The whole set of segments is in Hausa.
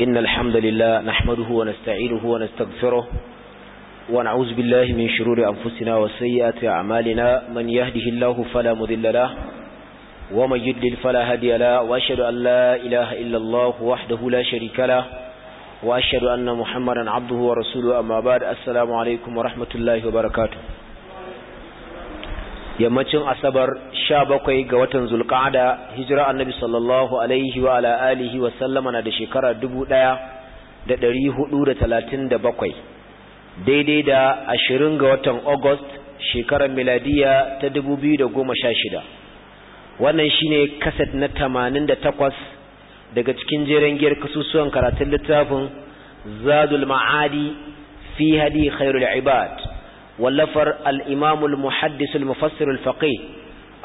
إن الحمد لله نحمده ونستعينه ونستغفره ونعوذ بالله من شرور أنفسنا وسيئات أعمالنا من يهده الله فلا مذل له ومن يدلل فلا هدي له وأشهد أن لا إله إلا الله وحده لا شريك له وأشهد أن محمدا عبده ورسوله أما بعد السلام عليكم ورحمة الله وبركاته yammacin asabar Sha 17 ga watan zulqa'ada hijira annabi sallallahu alaihi wa ala alihi wa sallama na da shekara 1437 daidai da ashirin ga watan august shekarar miladiya ta goma sha shida. wannan shine kaset na tamanin da 88 daga cikin jeren giyar kasusuwan karatun littafin zadul ma'adi fi hadi khairul ibad wallafar al'imamul muhaddisul mufassirul faƙi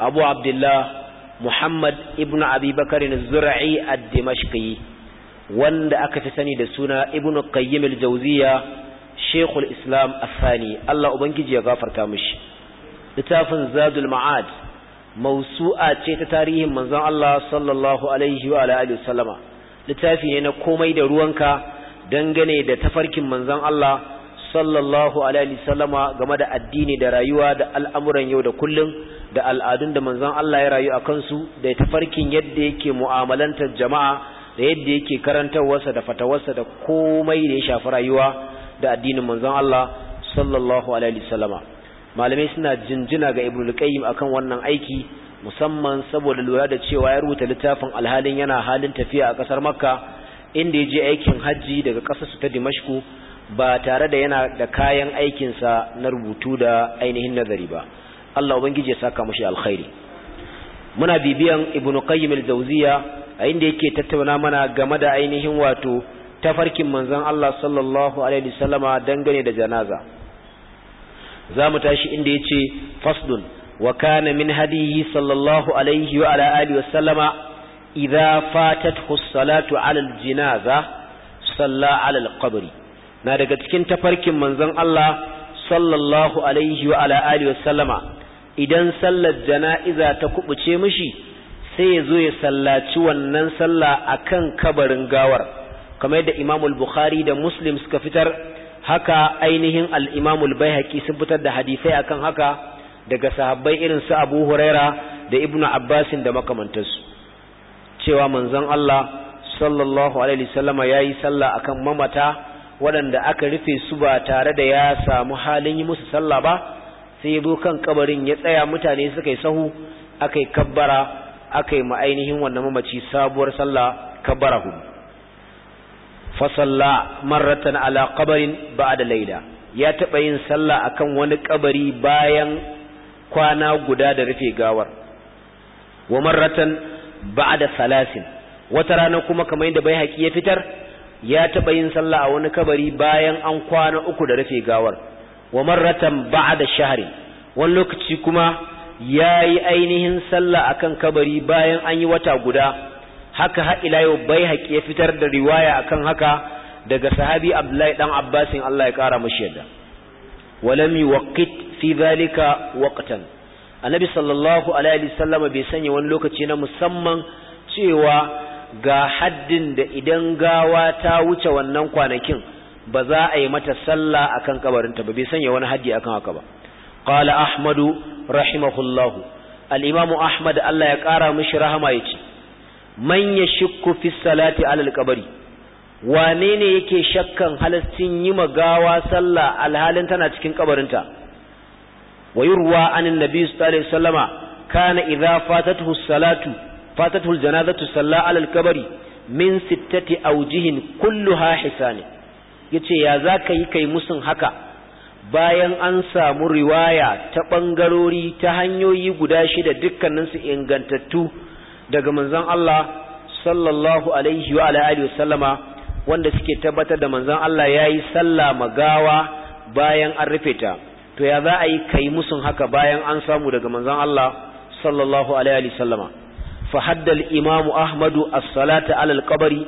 abu abdullah muhammad ibn abubakar zura'i a dimashqi wanda aka fi sani da suna ibn qayyim al-jawziya shekul islam asani allah ubangiji ya gafarta mishi littafin zadul ma'ad mausu'a ce ta tarihin manzon allah sallallahu alaihi wa alihi wasallama littafi ne na komai da ruwanka dangane da tafarkin manzon allah sallallahu alaihi salama game da addini da rayuwa da al'amuran yau da kullum da al'adun da manzon Allah ya rayu a kansu da tafarkin yadda yake mu'amalantar jama'a da yadda yake karantarwarsa da fatawarsa da komai da ya shafi rayuwa da addinin manzon Allah sallallahu alaihi salama. malamai suna jinjina ga ibnu qayyim akan wannan aiki musamman saboda lura da cewa ya rubuta littafin alhalin yana halin tafiya a ƙasar makka inda ya je aikin hajji daga ƙasarsu ta dimashku ba tare da yana da kayan aikinsa na rubutu da ainihin nazari ba Allah ubangiji ya saka shi alkhairi muna bibiyan ibnu qayyim al-jawziya a inda yake tattauna mana game da ainihin wato tafarkin manzon Allah sallallahu alaihi wasallama dangane da janaza zamu tashi inda yace fasdun wa kana min hadihi sallallahu alaihi wa ala alihi wasallama idza salatu ala al-janaza salla ala al-qabri na daga cikin tafarkin manzon Allah sallallahu alaihi wa ala alihi wa sallama idan sallar jana'iza ta kubuce mishi sai ya zo ya sallaci wannan sallah akan kabarin gawar kamar yadda Imam al-Bukhari da Muslim suka fitar haka ainihin al-Imam al-Baihaqi sun fitar da hadisai akan haka daga sahabbai irin su Abu Huraira da Ibn Abbas da makamantansu cewa manzon Allah sallallahu alaihi wa sallama yayi sallah akan mamata waɗanda aka rufe su ba tare da ya samu halin yi musu sallah ba sai zo kan kabarin ya tsaya mutane suka yi sahu aka yi kabbara aka yi ma'ainihin wannan mamaci sabuwar sallah kabbara hu fasalla marratan ala kabarin ba da laida ya taɓa yin sallah akan wani kabari bayan kwana guda da rufe gawar wa marratan ba da salasin wata rana kuma kamar yadda bai haƙi ya fitar ya taɓa yin sallah a wani kabari bayan an kwana uku da rufe gawar wa marratan ba'da shahri wani lokaci kuma ya yi ainihin sallah akan kabari bayan an yi wata guda haka har ila bai haƙi ya fitar da riwaya akan haka daga sahabi abdullahi dan abbasin Allah ya ƙara mashi yadda walam yuwaqqit fi dhalika waqtan annabi sallallahu alaihi wasallam bai sanya wani lokaci na musamman cewa ga haddin da idan gawa ta wuce wannan kwanakin ba za a yi mata sallah akan kabarinta ba bai sanya wani haddi akan haka ba qala ahmadu rahimahullahu al-imam ahmad Allah ya kara mishi rahama yace man yashukku fi salati ala al-qabri wane ne yake shakkan halastin yi magawa sallah alhalin tana cikin kabarinta wayurwa anin nabi sallallahu alaihi wasallama kana idza fatatuhu salatu فاتته الجنازة صلى على الكبر kabari min أوجه كلها حسان يتي yace ya zaka yi kai musun haka bayan an samu riwaya ta ɓangarori ta hanyoyi guda shida dukkanin su ingantattu daga manzon Allah sallallahu alaihi wa alihi wasallama wanda suke tabbatar da manzon Allah yayi sallah magawa bayan an rufe ta to ya za a yi kai musun haka bayan an samu daga manzon Allah sallallahu alaihi wa sallama فحد hadda al-imam على القبر salata ala al-qabri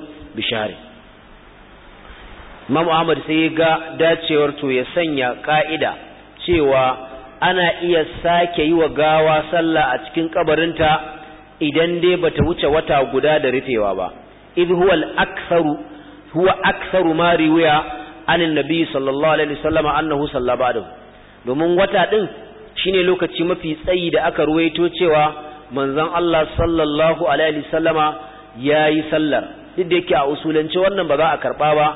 imam ahmad sai ga dacewar to ya sanya ka'ida cewa ana iya sake yi wa gawa sallah a cikin kabarinta idan dai bata wuce wata guda da rufewa ba idh huwa al-aktharu huwa aktharu ma riwaya anin nabi sallallahu alaihi wasallam annahu sallaba domin wata din shine lokaci mafi tsayi da aka ruwaito cewa manzon Allah sallallahu alaihi sallama ya yi sallar duk da yake a usulance wannan ba za a karɓa ba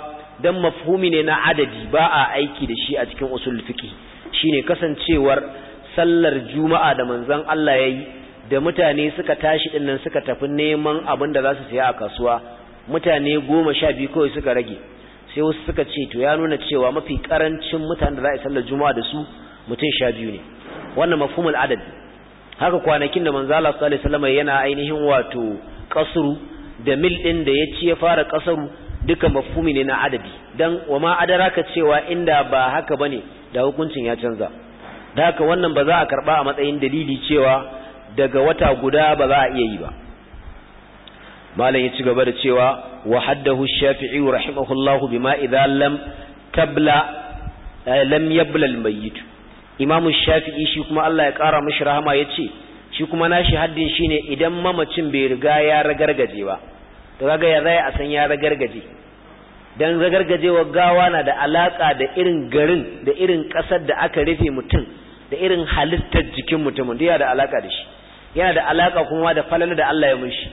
don mafhumi ne na adadi ba a aiki da shi a cikin usul fiqi shine kasancewar sallar juma'a da manzon Allah ya yi da mutane suka tashi dinnan nan suka tafi neman abin da za su siya a kasuwa mutane goma sha biyu kawai suka rage sai wasu suka ce to ya nuna cewa mafi karancin mutanen da za a yi sallar juma'a da su mutum sha biyu ne wannan mafhumul adadi haka kwanakin da manzo Allah sallallahu alaihi wasallam yana ainihin wato kasru da mil din da yace ya fara kasaru duka mafhumi ne na adabi dan wama adaraka cewa inda ba haka bane da hukuncin ya canza da haka wannan ba za a karba a matsayin dalili cewa daga wata guda ba za a iya yi ba malam ya ci gaba da cewa wa haddahu shafi'i rahimahullahu bima idza lam tabla eh, lam yabla al imamu shafi'i shi kuma Allah ya ƙara mashi rahama ya ce shi kuma nashi haddin shine idan mamacin bai riga ya ragargaje ba to kaga ya zai a san ya ragargaje dan ragargajewa gawa na da alaka da irin garin da irin ƙasar da aka rufe mutum da irin halittar jikin mutumin duk da alaka da shi yana da alaka kuma da falala da Allah ya mishi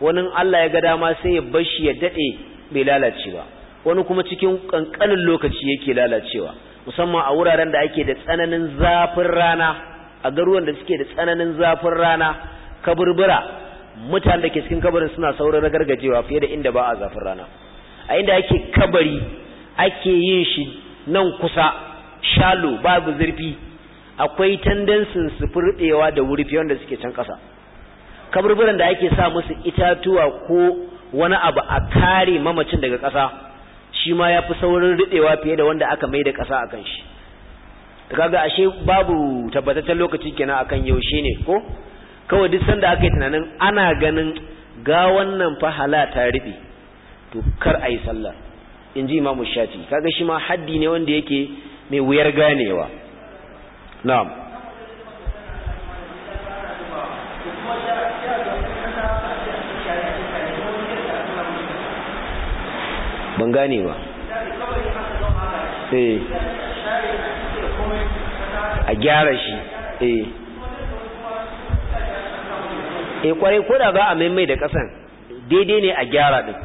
wani Allah ya ga dama sai ya bar shi ya dade bai lalace ba wani kuma cikin kankanin lokaci yake lalacewa musamman a wuraren da ake da tsananin zafin rana a garuwan da suke da tsananin zafin rana kaburbura mutanen da ke cikin kabarin suna saurin ragargajewa fiye da inda ba a zafin rana a inda ake kabari ake yin shi nan kusa shalo babu zurfi akwai tendensin su furdewa da wuri fiye wanda suke can kasa kaburburan da ake sa musu itatuwa ko wani abu a kare mamacin daga ƙasa shi ma ya fi saurin riɗewa fiye da wanda aka mai da ƙasa a kan shi kaga ashe babu tabbataccen lokaci kenan a kan yaushe ne ko kawai duk sanda aka yi tunanin ana ganin ga wannan fahala ta riɗe to kar a yi sallah in ji imamu shafi kaga shi ma haddi ne wanda yake mai wuyar ganewa na'am ban gane ba eh. a gyara shi a eh. eh, kwarai ko da za a maimai da kasan daidai ne a gyara din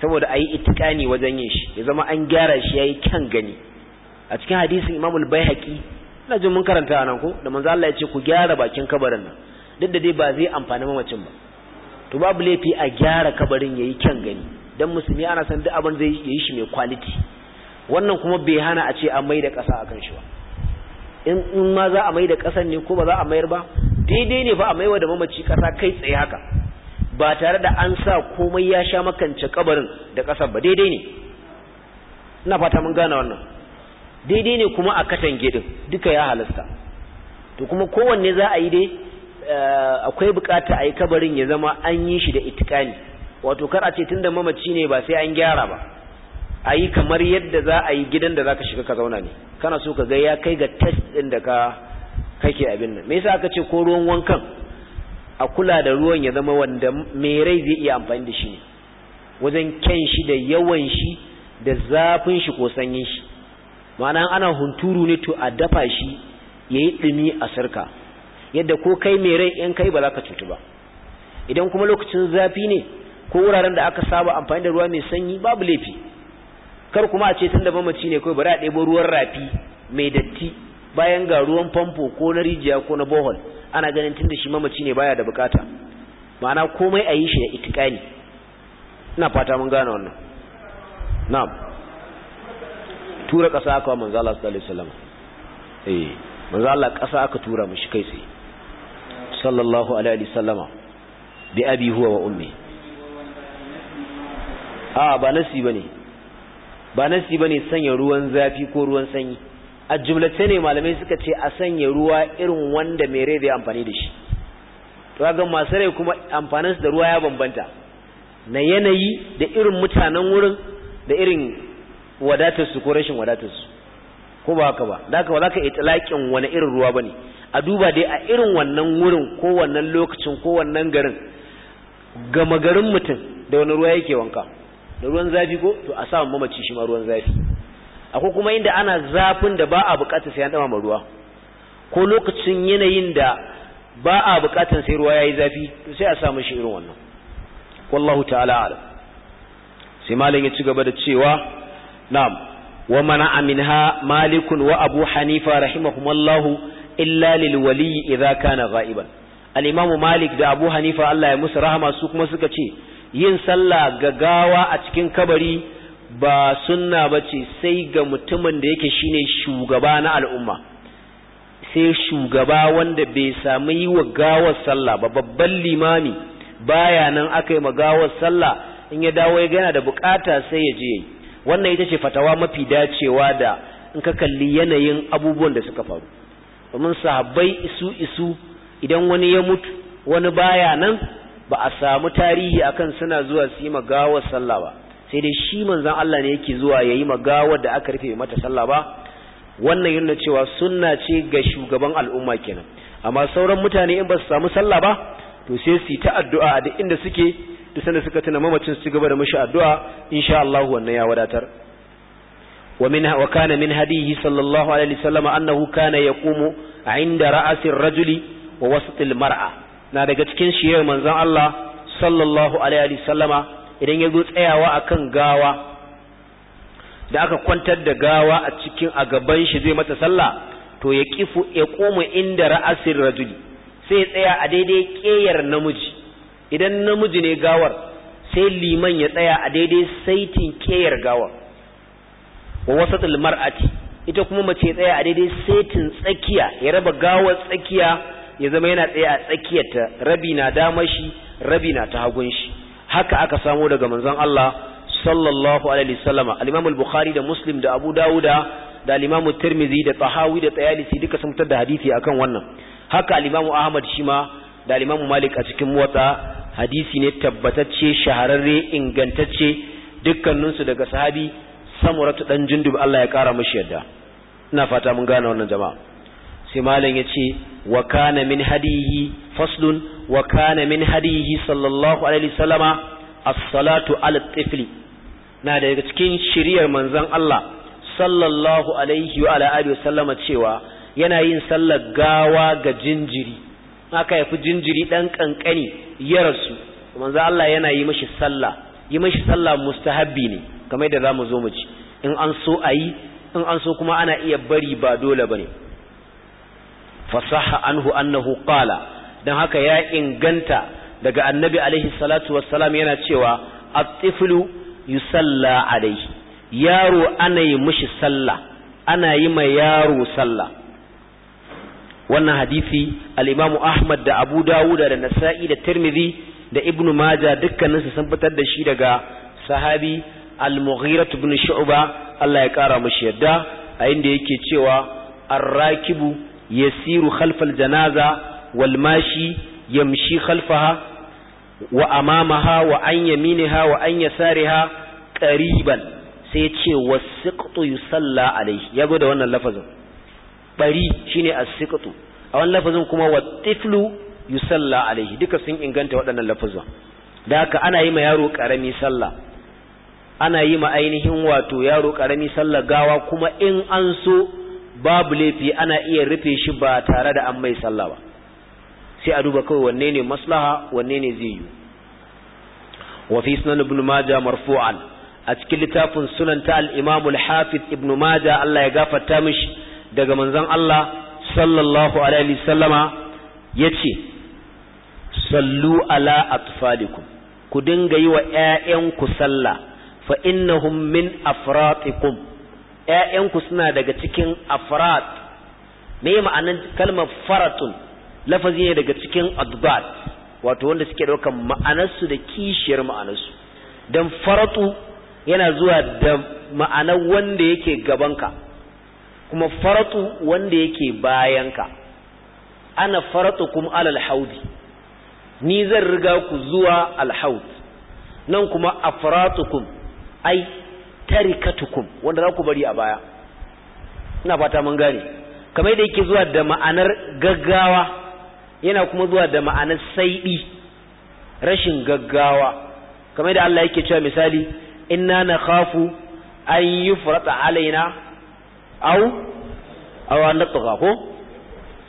saboda a yi itikani wajen yin shi ya zama an gyara shi ya yi kyan gani a cikin hadisin imamul bayhaqi ina jin mun karanta nan ko da manzo Allah ya ce ku gyara bakin kabarin nan duk da dai ba zai amfani mamacin ba to babu laifi a gyara kabarin ya yi kyan gani dan musulmi ana san duk abin zai yi shi mai quality wannan kuma bai hana a ce a mai da ƙasa akan shi ba in ma za a mai da ƙasan ne ko ba za a mayar ba daidai ne fa a maiwa da mamaci ƙasa kai tsaye haka ba tare da an sa komai ya sha makance kabarin da ƙasar ba daidai ne ina fata mun gane wannan daidai ne kuma a katan gidin duka ya halasta to kuma kowanne za a yi dai eh, akwai bukata a yi kabarin ya zama an yi shi da itikani wato kar a ce da mamaci ne ba sai an gyara ba a yi kamar yadda za a yi gidan da za ka shiga ka zauna ne kana so ka ga ya kai ga test ɗin da ka kake abin nan me yasa aka ce ko ruwan wankan a kula da ruwan ya zama wanda mai rai zai iya amfani da shi ne wajen kyan shi da yawan shi da zafin shi ko sanyin shi ma'ana ana hunturu ne to a dafa shi ya yi ɗumi a sarka yadda ko kai mai rai in kai ba za ka cutu ba idan kuma lokacin zafi ne ko wuraren da aka saba amfani da ruwa mai sanyi babu laifi kar kuma a ce tun da mamaci ne kawai bari a ɗebo ruwan rafi mai datti bayan ga ruwan famfo ko na rijiya ko na bohol ana ganin tun da shi mamaci ne baya da bukata ma'ana komai a yi shi da itikani ina fata mun gane wannan na'am tura ƙasa aka wa manzo Allah sallallahu alaihi wasallam eh manzo Allah ƙasa aka tura shi kai sai sallallahu alaihi wasallama bi abi huwa wa ummi a ba nasi bane ba nasi bane sanya ruwan zafi ko ruwan sanyi a jumlace ne malamai suka ce a sanya ruwa irin wanda mai rai zai amfani da shi to ga masu rai kuma amfaninsu da ruwa ya bambanta na yanayi da irin mutanen wurin da irin wadatarsu ko rashin wadatarsu ko ba haka ba da haka ba za ka itilaƙin wani irin ruwa ba ne a duba dai a irin wannan wurin ko wannan lokacin ko wannan garin gama garin mutum da wani ruwa yake wanka da ruwan zafi ko to a sa mamaci shi ma ruwan zafi akwai kuma inda ana zafin da ba a bukatar sai an dama ruwa ko lokacin yanayin da ba a bukatar sai ruwa yayi zafi to sai a sa mishi irin wannan wallahu ta'ala alam sai malam ya ci gaba da cewa na'am wa mana aminha malikun wa abu hanifa rahimahumallahu illa lil wali idza kana ghaiban al-imamu malik da abu hanifa Allah ya musu rahama su kuma suka ce yin sallah ga gawa a cikin kabari ba sunna bace sai ga mutumin da yake shine shugaba na al'umma sai shugaba wanda bai sami yi wa gawar sallah ba babban limami baya nan aka yi magawar sallah in ya dawo ya gana da bukata sai ya je wannan ita ce fatawa mafi dacewa da in ka kalli yanayin abubuwan da suka faru domin sahabbai isu isu idan wani ya mutu wani baya nan ba a samu tarihi akan suna zuwa su yi magawar sallah ba sai dai shi manzon Allah ne yake zuwa yayi magawar da aka rufe mata sallah ba wannan yana cewa sunna ce ga shugaban al'umma kenan amma sauran mutane in ba su samu sallah ba to sai su yi ta addu'a a duk inda suke duk sanda suka tuna mamacin su gaba da mushi addu'a insha Allah wannan ya wadatar wa min wa kana min hadihi sallallahu alaihi wasallam annahu kana yaqumu inda ra'asir rajuli wa wasatil mar'a na daga cikin shiyar manzon Allah sallallahu alaihi sallama idan ya zo tsayawa akan gawa da aka kwantar da gawa a cikin a gaban shi zai mata sallah to ya kifu ya koma inda ra'asir rajuli sai ya tsaya a daidai keyar namiji idan namiji ne gawar sai liman ya tsaya a daidai saitin keyar gawar wa wasatul mar'ati ita kuma mace ya tsaya a daidai saitin tsakiya ya raba gawar tsakiya ya zama yana tsaye a tsakiyarta rabi na damar shi rabi na ta hagun shi haka aka samo daga manzon Allah sallallahu alaihi wasallama al-Imam al-Bukhari da Muslim da Abu Dawuda da al-Imam Tirmidhi da Tahawi da Tayalisi duka sun fitar da hadisi akan wannan haka al-Imam Ahmad shima da al-Imam Malik a cikin Muwatta hadisi ne tabbatacce shahararre ingantacce dukkaninsu daga sahabi Samuratu dan Jundub Allah ya kara mishi yadda ina fata mun gane wannan jama'a sai malam ce wa kana min hadihi faslun wa kana min hadihi sallallahu alaihi wasallama as-salatu ala tifli na daga cikin shiriyar manzon Allah sallallahu alaihi wa ala alihi wasallama cewa yana yin sallar gawa ga jinjiri aka yafi jinjiri dan kankani ya rasu manzon Allah yana yi mishi sallah yi mashi sallah mustahabbi ne kamar da zamu zo mu ci in an so ayi in an so kuma ana iya bari ba dole bane fasaha anhu annahu qala dan haka ya inganta daga annabi alaihi salatu wassalam yana cewa at-tiflu yusalla alaihi yaro ana yi mishi sallah ana yi ma yaro sallah wannan hadisi al-imam Ahmad da Abu Dawud da Nasa'i da Tirmidhi da Ibn Majah dukkaninsu sun fitar da shi daga sahabi al-Mughirah ibn Shu'ba Allah ya kara mishi yadda a inda yake cewa ar-rakibu yasiru khalfal janaza walmashi yamshi khalfaha wa amamaha wa an yaminaha wa an yasariha qariban sai ya ce wasiqtu yusalla alayhi yago da wannan lafazin bari shine asiqtu a wannan lafazin kuma watiflu yusalla alayhi duka sun inganta waɗannan lafazin da haka ana yi ma yaro karami sallah ana yi ma ainihin wato yaro ƙarami sallah gawa kuma in an so babu laifi ana iya rufe shi ba tare da an mai sallah ba sai a duba kawai wanne ne maslaha wanne ne zai yi wa fi sunan ibn majah marfu'an a cikin littafin sunan ta al-imam al-hafiz ibn majah Allah ya gafarta mishi daga manzon Allah sallallahu alaihi wasallama yace sallu ala atfalikum ku dinga yi wa ƴaƴanku sallah fa innahum min afratikum ƴaƴanku suna daga cikin afrat me ma'anin kalmar faratun lafazi ne daga cikin adbat wato wanda suke ɗaukar ma'anarsu da kishiyar ma'anarsu Dan faratu yana zuwa da ma'anar wanda yake gabanka kuma faratu wanda yake bayanka ana faratu kuma alal haudi ni zan riga ku zuwa alhaud nan kuma afratukum ai tarikatukum wanda za ku bari a baya ina fata mun gane kamar yadda yake zuwa da ma'anar gaggawa yana kuma zuwa da ma'anar saiɗi rashin gaggawa kamar yadda Allah yake cewa misali inna nakhafu an yufrata alaina aw aw an natqa ko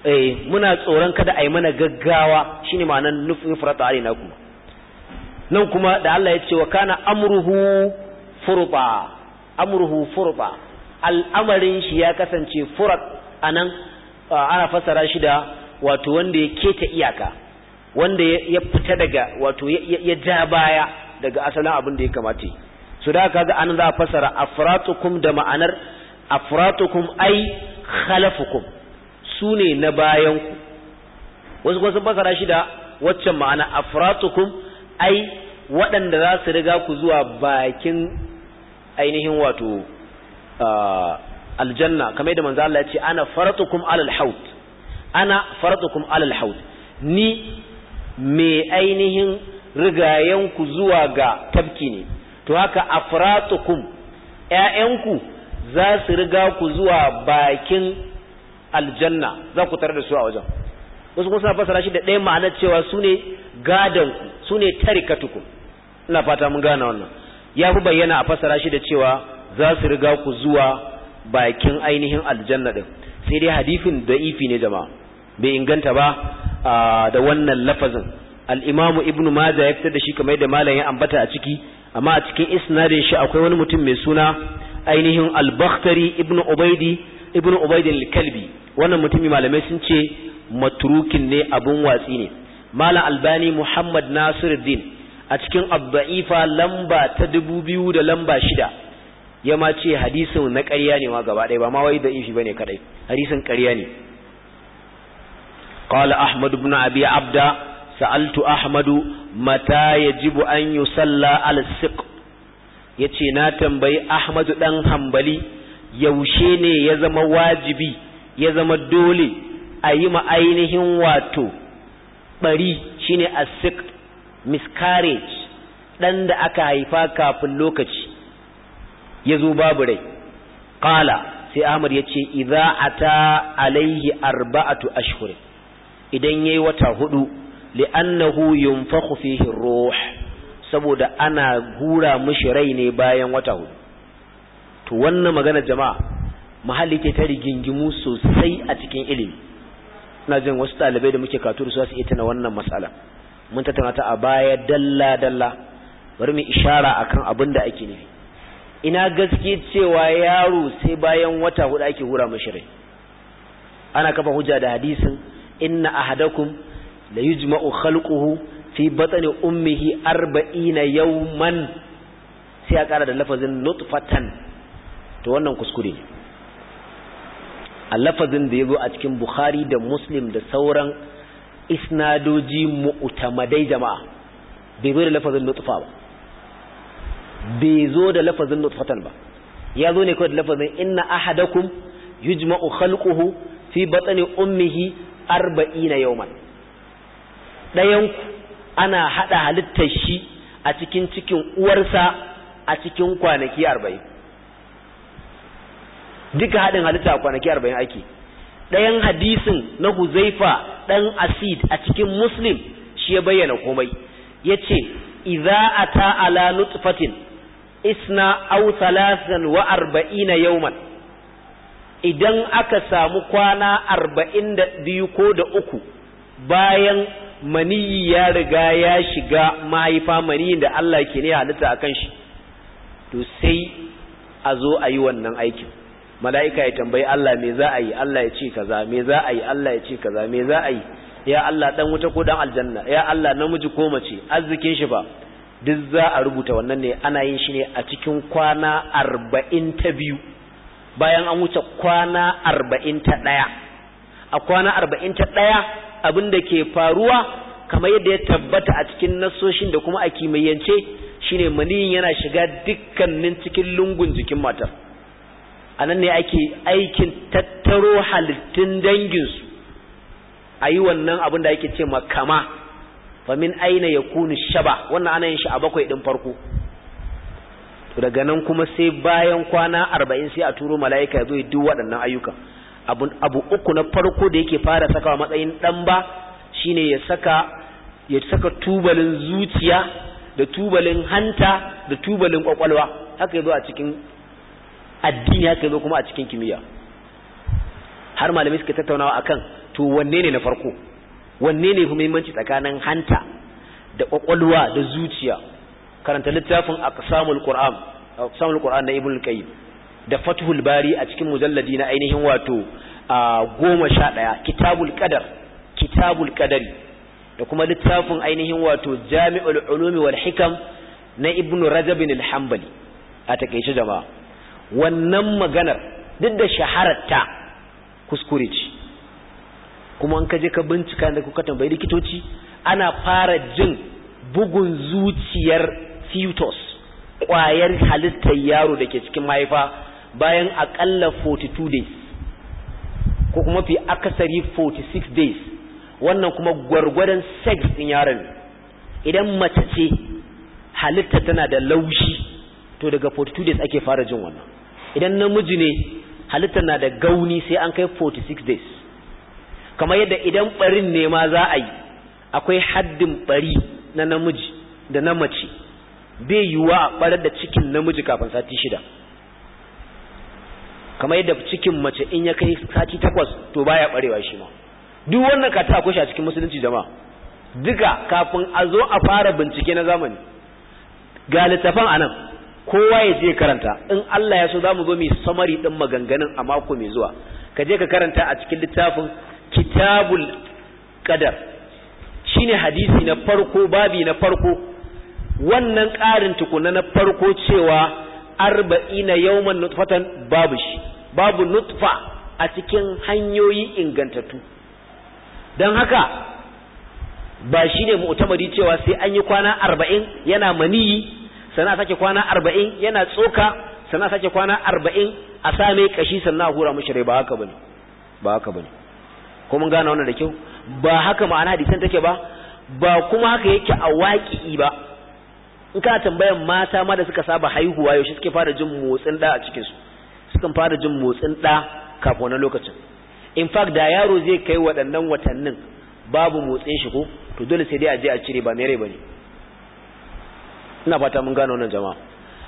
eh muna tsoron kada ai mana gaggawa shine ma'anar nufin yufrata alaina kuma nan kuma da Allah ya ce wa kana amruhu furba amruhu furba al'amarin shi ya kasance furat anan ana fasara shi da wato wanda ya keta iyaka wanda ya fita daga wato ya ja baya daga asalin abin da ya kamata su da kaga an za fasara afratukum da ma'anar afratukum ai khalafukum su ne na bayanku wasu wasu fasara shi da waccan ma'ana afratukum ai waɗanda za su riga ku zuwa bakin ainihin wato aljanna kamar da manzo Allah ya ce ana faratukum alal haut ana faratukum alal haut ni me ainihin rigayenku zuwa ga tafki ne to haka afratukum ƴaƴanku za su riga ku zuwa bakin aljanna za ku tare da su a wajen wasu kuma suna fasara shi da ɗaya ma'anar cewa su ne gadanku su ne tarikatukum ina fata mun gane wannan ya fi bayyana a fassara shi da cewa za su riga ku zuwa bakin ainihin aljanna din sai dai hadisin da'ifi ne jama'a bai inganta ba da wannan lafazin Al'imamu imamu ibnu maza ya fitar da shi kamar yadda ya ambata a ciki amma a cikin isnadin shi akwai wani mutum mai suna ainihin albaktari Ibn ibnu ubaidi ibnu ubaidin kalbi wannan mutumi malamai sun ce maturukin ne abun watsi ne malam albani muhammad nasiruddin a cikin abda'ifa lamba ta dubu biyu da lamba shida ya ma ce hadisin na ƙarya ne ma gaba ɗaya ba ma wai da ifi ne kaɗai hadisin ƙarya ne ƙala Ahmadu bin abi abda sa'altu ahmadu mata yajibu an yusalla al ya yace na tambayi ahmadu ɗan hambali yaushe ne ya zama wajibi ya zama dole a yi ma ainihin wato ɓari shine a sik miscarriage ɗan da aka haifa kafin lokaci ya zo babu rai ƙala sai ahmad ya ce idza ata alaihi arba'atu ashhur idan yayi wata hudu li'annahu yunfakhu fihi ruh saboda ana gura mishi rai ne bayan wata hudu to wannan magana jama'a mahalli ta rigingimu sosai a cikin ilimi ina jin wasu ɗalibai da muke katuru su ita na wannan matsala mun tattauna ta a baya dalla dalla bari mu ishara akan abin da ake nufi ina gaske cewa yaro sai bayan wata hudu ake hura mashi rai ana kafa hujja da hadisin inna ahadakum la yujma'u khalquhu fi batni ummihi 40 yawman sai ya kara da lafazin nutfatan to wannan kuskure ne a lafazin da yazo a cikin Bukhari da Muslim da sauran isnadoji mu'tamadai jama'a bai zo da lafazin nutfa ba bai zo da lafazin nutfatan ba ya zo ne kawai da lafazin inna ahadakum yujma'u khalquhu fi batni ummihi 40 yawman dayan ana hada halittar shi a cikin cikin uwarsa a cikin kwanaki 40 duka hadin halitta a kwanaki 40 ake ɗayan hadisin na huzaifa ɗan asid a cikin muslim shi ya bayyana komai ya ce a ta ala nutfatin isna au talatin wa arba'ina yawman idan aka samu kwana arba'in da biyu ko da uku bayan maniyi ya riga ya shiga mahaifa maniyin da Allah ke ne halitta kan shi to sai a zo a yi wannan aikin mala'ika ya tambayi Allah me za a yi Allah ya ce kaza me za a yi Allah ya ce kaza me za a yi ya Allah dan wuta ko dan aljanna ya Allah namiji ko mace arzikin shi ba duk za a rubuta wannan ne ana yin shi ne a cikin kwana arba'in ta biyu bayan an wuce kwana arba'in ta ɗaya a kwana arba'in ta ɗaya abin da ke faruwa kamar yadda ya tabbata a cikin nasoshin da kuma a kimayyance shine maniyin yana shiga dukkanin cikin lungun jikin matar a nan ne ake aikin tattaro halittun danginsu a yi wannan abin da ake ce makama famin aina ya kuni shaba wannan ana yin shi a bakwai ɗin farko daga nan kuma sai bayan kwana arba'in sai a turo mala'ika ya zo duk waɗannan ayyuka abu uku na farko da yake fara saka matsayin ɗan ba shine ya saka ya saka tubalin zuciya da tubalin hanta da tubalin kwakwalwa haka ya zo a cikin addini haka zo kuma a cikin kimiyya har malamai suka tattaunawa akan to wanne ne na farko wanne ne muhimmanci tsakanin hanta da kwakwalwa da zuciya karanta littafin aqsamul qur'an aqsamul qur'an na ibnu qayyim da fathul bari a cikin mujalladi na ainihin wato goma sha ɗaya kitabul qadar kitabul qadari da kuma littafin ainihin wato jami'ul ulumi wal hikam na ibnu rajab al-hanbali a takeice jama'a wannan maganar duk da shahararta kuskure ce kuma an kaje ka bincika da kuka tambayi likitoci ana fara jin bugun zuciyar fetus ƙwayar halittar yaro da ke cikin mahaifa bayan akalla 42 days ko kuma fi akasari 46 days wannan kuma gwargwadon sex din yaron idan mace ce halitta tana da laushi to daga 42 days ake fara jin wannan idan namiji ne halitta na da gauni sai an kai 46 days kamar yadda idan barin ne ma za a yi akwai haddin bari na namiji da na mace bai yiwuwa a barar da cikin namiji kafin sati shida kama yadda cikin mace in ya kai sati takwas to baya barewa shi ma duk wannan ka ta kushe cikin musulunci jama'a duka kafin a zo a fara bincike na zamani ga littafan nan. kowa ya je karanta in Allah ya so za mu zo mu samari ɗin maganganun a mako mai zuwa ka je ka karanta a cikin littafin kitabul qadar shine hadisi na farko babi na farko wannan ƙarin tukuna na farko cewa arba'ina yawman nutfatan babu shi babu nutfa a cikin hanyoyi ingantattu don haka ba shine mu'tamadi cewa sai an yi kwana arba'in yana maniyi sana sake kwana arba'in yana tsoka sana sake kwana arba'in a same kashi sannan a hura mashi rai ba haka bane ba haka bane ko mun gane wannan da kyau ba haka ma'ana hadisan take ba ba kuma haka yake a waki ba in ka tambayan mata ma da suka saba haihuwa yaushe suke fara jin motsin da a cikin su sukan fara jin motsin da kafin wannan lokacin in fact da yaro zai kai waɗannan watannin babu motsin shi ko to dole sai dai a je a cire ba ba ne. ina fata mun gano wannan jama'a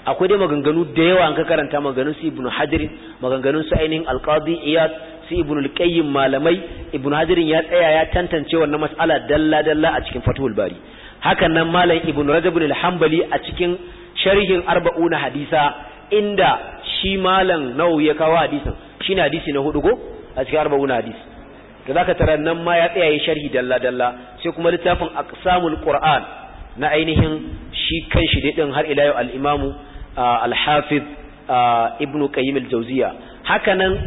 akwai dai maganganu da yawa an ka karanta maganganun su ibnu hajar maganganun su ainihin alqadi iyad su ibnu alqayyim malamai ibnu hajar ya tsaya ya tantance wannan mas'ala dalla dalla a cikin fathul bari hakan nan malam ibnu rajab al-hanbali a cikin sharhin arba'una hadisa inda shi malam nawawi ya kawo hadisin shine hadisi na hudu ko a cikin arba'una hadisi da zaka tara nan ma ya tsaya ya sharhi dalla dalla sai kuma littafin aqsamul qur'an na ainihin shi kan shi har ila yau al'imamu al-hafiz ibnu qayyim al-jawziya hakanan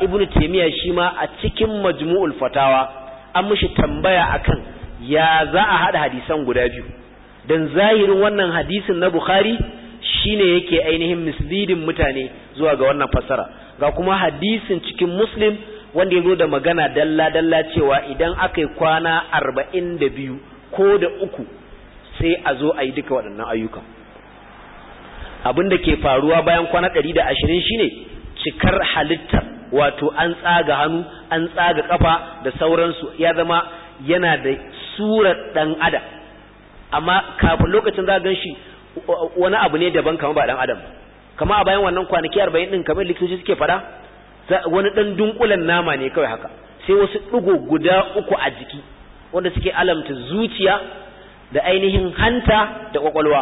Ibn taymiya shi ma a cikin majmu'ul fatawa an mishi tambaya akan ya za a hada hadisan guda biyu dan zahirin wannan hadisin na bukhari shine yake ainihin mislidin mutane zuwa ga wannan fassara ga kuma hadisin cikin muslim wanda ya zo da magana dalla dalla cewa idan aka yi kwana arba'in da biyu ko da uku sai a zo a yi duka waɗannan ayyukan abin da ke faruwa bayan kwana ɗari da ashirin shine cikar halittar wato an tsaga hannu an tsaga kafa da sauransu ya zama yana da surar ɗan adam amma kafin lokacin za gan shi wani abu ne daban kama ba ɗan adam kama a bayan wannan kwanaki arba'in ɗin kamar likitoci suke faɗa wani ɗan dunkulen nama ne kawai haka sai wasu ɗigo guda uku a jiki wanda suke alamta zuciya da ainihin hanta da kwakwalwa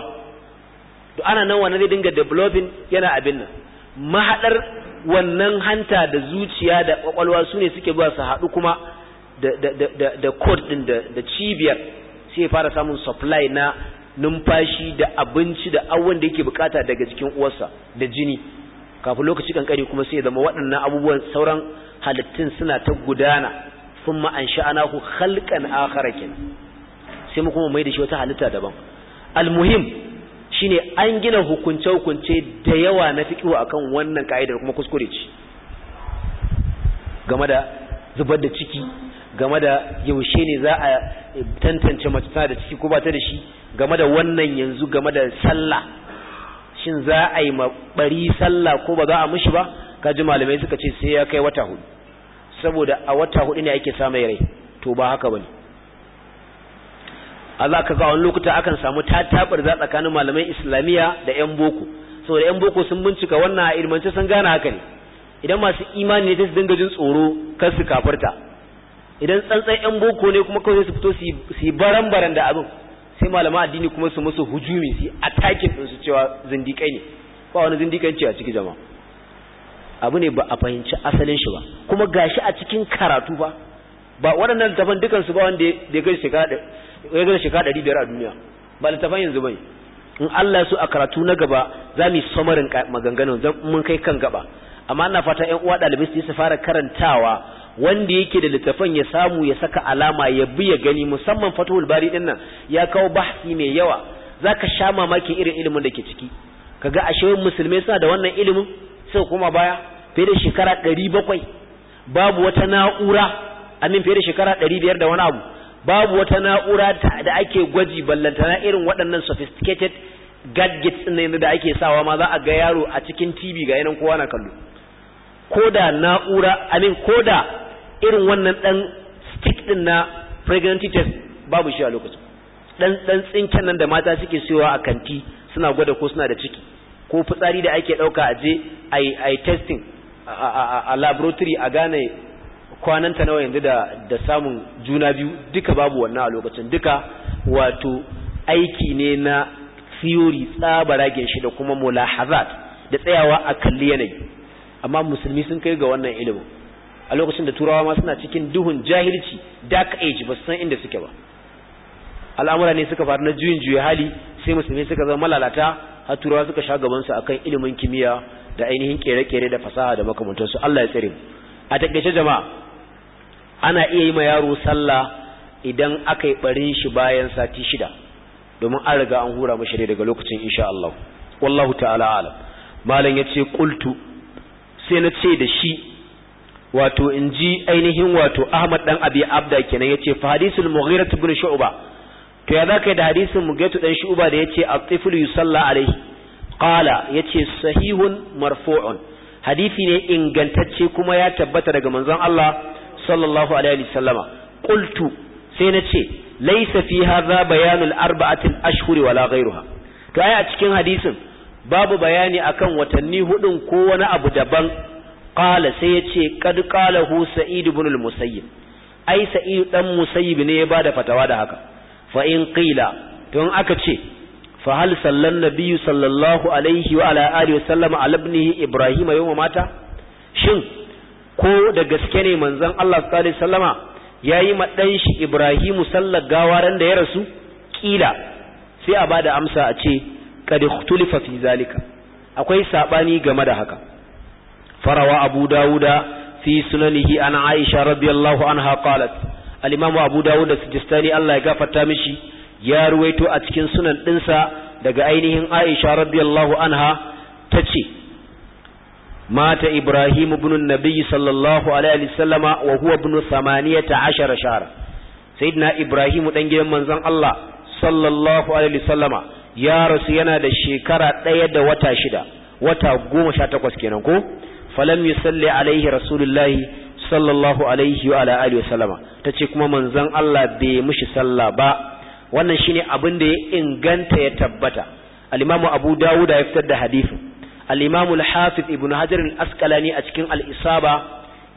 to ana nan wannan zai dinga developing yana abin nan mahadar wannan hanta da zuciya da kwakwalwa sune suke zuwa su haɗu kuma da code ɗin da cibiyar sai ya fara samun supply na numfashi da abinci da awon da yake bukata daga jikin uwarsa da jini kafin lokaci kankani kuma sai ya zama waɗannan abubuwan sauran halittun suna ta gudana sun ma'an anahu halkan akhara sai mu kuma mai da shi wata halitta daban almuhim shine an gina hukunce hukunce da yawa na fiqhu akan wannan ka'idar kuma kuskure ce game da zubar da ciki game da yaushe ne za a tantance mace ta da ciki ko ba ta da shi game da wannan yanzu game da sallah shin za a yi bari sallah ko ba za a mishi ba kaji malamai suka ce sai ya kai wata hudu saboda a wata hudu ne ake samun rai to ba haka bane a za ka ga wani lokuta akan samu tatabar za tsakanin malamai islamiyya da yan boko saboda yan boko sun bincika wannan a ilmance sun gane haka ne idan masu imani ne ta su dinga jin tsoro kar su kafarta idan tsantsan yan boko ne kuma kawai su fito su yi baran-baran da abin sai malaman addini kuma su musu hujumi su atakin din su cewa zindikai ne ba wani zindikanci a ciki jama'a abu ne ba a fahimci asalin shi ba kuma gashi a cikin karatu ba ba waɗannan littafan dukan su ba wanda ya gani shekara ɗari biyar a duniya ba littafan yanzu bai in Allah su a karatu na gaba za mu yi samarin maganganun zan mun kai kan gaba amma ina fata ƴan uwa ɗalibai su fara karantawa wanda yake da littafan ya samu ya saka alama ya bi ya gani musamman fatuhul bari din nan ya kawo bahsi mai yawa zaka sha mamakin irin ilimin da ke ciki kaga ashe musulmai suna da wannan ilimin sai kuma baya fiye da shekara ɗari bakwai babu wata na'ura amin fiye da shekara ɗari biyar da wani abu babu wata na'ura da ake gwaji ballantana irin waɗannan sophisticated gadgets ne da ake sawa ma za a ga yaro a cikin tv ga yanan kowa na kallo ko da na'ura amin ko da irin wannan ɗan stick ɗin na pregnancy test babu shi a lokacin ɗan ɗan tsinken nan da mata suke siyowa a kanti suna gwada ko suna da ciki ko fitsari da ake ɗauka aje je a testing a laboratory a gane kwananta nawa yanzu da da samun juna biyu duka babu wannan a lokacin duka wato aiki ne na theory tsabaragen shi da kuma mulahazat da tsayawa a kalli yanayi amma musulmi sun kai ga wannan ilimin a lokacin da turawa ma suna cikin duhun jahilci dark age ba san inda suke ba al'amura ne suka faru na juyin juya hali sai musulmi suka zama malalata har turawa suka sha gabansu akan ilimin kimiyya da ainihin kere-kere da fasaha da makamantansu Allah ya tsare mu a takaice jama'a ana iya yi ma yaro sallah idan aka yi barin shi bayan sati shida domin an riga an hura mashi daga lokacin insha Allah wallahu ta'ala alam malam yace qultu sai na ce da shi wato in ainihin wato Ahmad dan Abi Abda kenan yace fa hadisul Mughirah ibn Shu'ba to ya zaka da hadisin Mughirah dan Shu'ba da yace at-tifl yusalla alayhi qala yace sahihun marfu'un hadisi ne ingantacce kuma ya tabbata daga manzon Allah sallallahu alaihi wasallama qultu sai na ce laysa fi hadha bayanul arba'atil ashhur wala ghayruha to ai a cikin hadisin babu bayani akan watanni hudun ko wani abu daban qala sai ya ce qad qalahu sa'id ibn al-musayyib ai sa'id dan musayyib ne ya bada fatawa da haka fa in qila to in aka ce fa hal sallan nabiyyu sallallahu alaihi wa ala alihi wa sallama ala ibnihi ibrahima yawma mata shin ko da gaske ne manzon Allah sallallahu alaihi wasallama yayi ma dan shi Ibrahimu sallar gawaran da ya rasu kila sai a bada amsa a ce qad ikhtulifa fi zalika akwai sabani game da haka farawa Abu Dawuda fi sunanihi an Aisha radiyallahu anha qalat al-Imam Abu Dawud as-Sijistani Allah ya gafarta mishi ya ruwaito a cikin sunan dinsa daga ainihin Aisha radiyallahu anha tace مات إبراهيم بن النبي صلى الله عليه وسلم وهو ابن ثمانية عشر شهر سيدنا إبراهيم تنجي من زن الله صلى الله عليه وسلم يا رسينا دا الشيكرة تيد وتا شدا وتا قوم شاتقوس فلم يصلي عليه رسول الله صلى الله عليه وعلى آله وسلم تشيك ما من زن الله مش صلى با وانا شيني أبندي إن ya inganta الإمام أبو داود يفتد حديثه al-imam al-hafiz ibn hajar al-asqalani a cikin al-isaba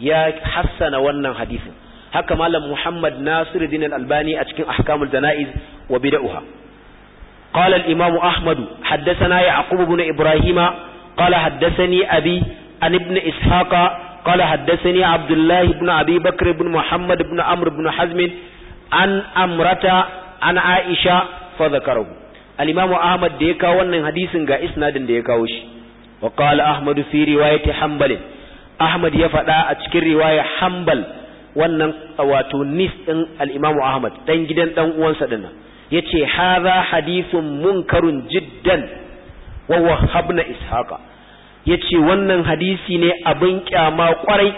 ya hassana wannan hadisin haka malam muhammad nasiruddin al-albani a cikin ahkamul janaiz wa bid'aha قال الإمام أحمد حدثنا يعقوب بن إبراهيم قال حدثني أبي عن ابن إسحاق قال حدثني عبد الله بن أبي بكر بن محمد بن عمرو بن حزم عن أمرة عن عائشة فذكره الإمام أحمد ديكا وانا حديث غا إسناد ديكا وشي wa ahmadu ahmad fi riwayati hanbal ahmad ya faɗa a cikin riwaya hambal wannan wato nis din al-imam ahmad dan gidan dan uwansa din nan yace hadha hadithun munkarun jiddan wa wahabna ishaqa yace wannan hadisi ne abin kyama kwarai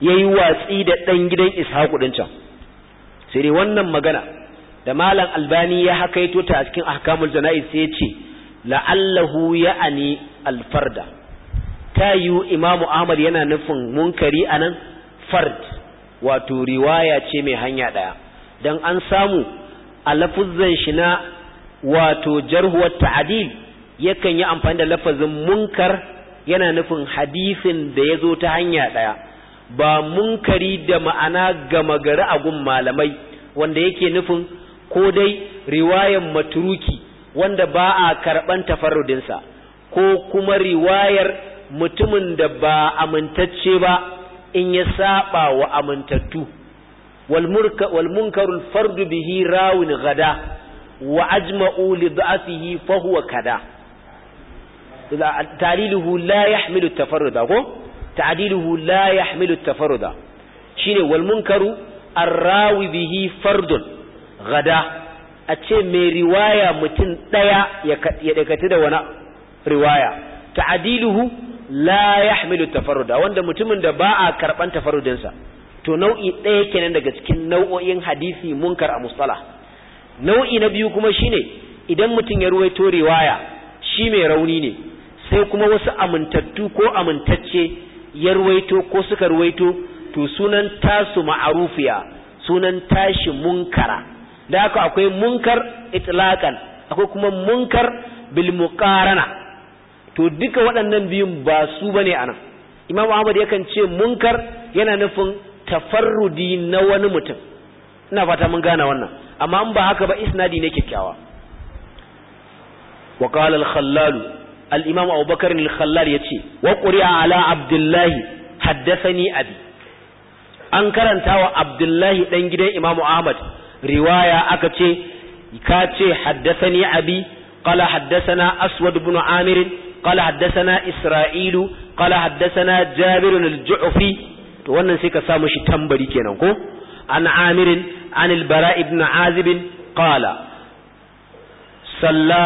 yayi watsi da ɗan gidan ishaqu ɗin can sai wannan magana da malam albani ya hakaito ta a cikin ahkamul janaiz yace la'allahu ya'ani alfarda ta yiwu imamu ahmad yana nufin munkari a nan fard wato riwaya ce mai hanya ɗaya don an samu a lafuzan shi na wato jarhuwar ta'adil yakan yi amfani da lafazin munkar yana nufin hadisin da ya zo ta hanya ɗaya ba munkari da ma'ana gama gari a gun malamai wanda yake nufin ko dai riwayan maturuki wanda ba a karɓan tafarudinsa ko kuma riwayar mutumin da ba amintacce ba in ya saba wa amintattu wal munkarul fardu bihi rawin gada wa ajma'u li da'afihi fa huwa kada taliluhu la yahmilu tafarruda ko ta'diluhu la yahmilu tafarruda shine wal munkaru arrawi bihi fardun gada a ce mai riwaya mutum daya ya dakatu da wani riwaya ta'adiluhu la yahmilu tafarruda wanda mutumin da ba a karban tafarrudinsa to nau'i ɗaya kenan daga cikin nau'o'in hadisi munkar a mustalah nau'i na biyu kuma shine idan mutum ya ruwaito riwaya shi mai rauni ne sai kuma wasu amintattu ko amintacce ya ruwaito ko suka ruwaito to sunan tasu ma'arufiya sunan tashi munkara da haka akwai munkar itlaqan akwai kuma munkar bil muqarana to duka waɗannan biyun ba su bane anan Imam ahmad yakan ce munkar yana nufin tafarrudi na wani mutum ina fata mun gana wannan amma in ba haka ba isnadi ne kyakkyawa wa qala al-khallal al-imam abubakar al-khallal yace wa quri'a ala abdullah haddathani abi an karanta wa abdullahi dan gidan Imam ahmad riwaya aka ce kace ce haddathani abi qala haddathana aswad ibn amir قال حدثنا إسرائيل قال حدثنا جابر الجعفي to wannan sai ka sa mishi tambari kenan ko an amirin an albara ibn azib qala salla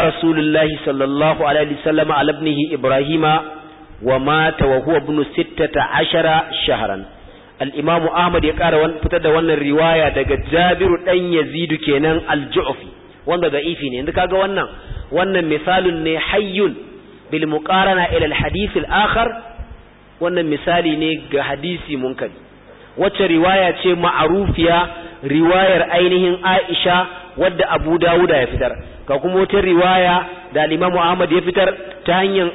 sallallahu alaihi wasallam ala ibnihi ibrahima wa mata wa huwa ibn 16 shahran al-imamu ahmad ya kara fitar da wannan riwaya daga jabiru dan Ya'zidu kenan al-ju'fi wanda da'ifi ne yanzu kaga wannan wannan misalin ne hayyun bil muqarana ila al akhar wannan misali ne ga hadisi munkari wacce riwaya ce ma'arufiya riwayar ainihin Aisha wadda Abu Dawuda ya fitar ga kuma wata riwaya da Imam Ahmad ya fitar ta hanyar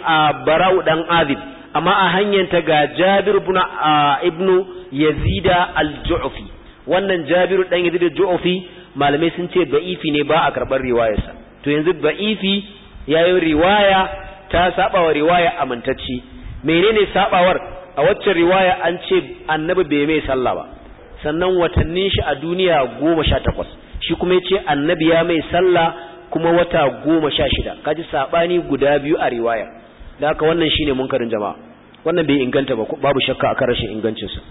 Barau dan Azib amma a hanyar ta ga Jabir ibn Yazida Yazid al-Ju'fi wannan Jabir dan Yazid al-Ju'fi malamai sun ce Ba'ifi ne ba a karbar riwayarsa to yanzu ba'ifi yayi riwaya ta saba wa riwaya amintacci menene sabawar a waccan riwaya an ce annabi bai mai sallah ba sannan watannin shi a duniya goma sha takwas shi kuma ya ce annabi ya mai sallah kuma wata goma sha shida kaji sabani guda biyu a riwaya dan haka wannan shine munkarin jama'a wannan bai inganta ba babu shakka akan rashin sa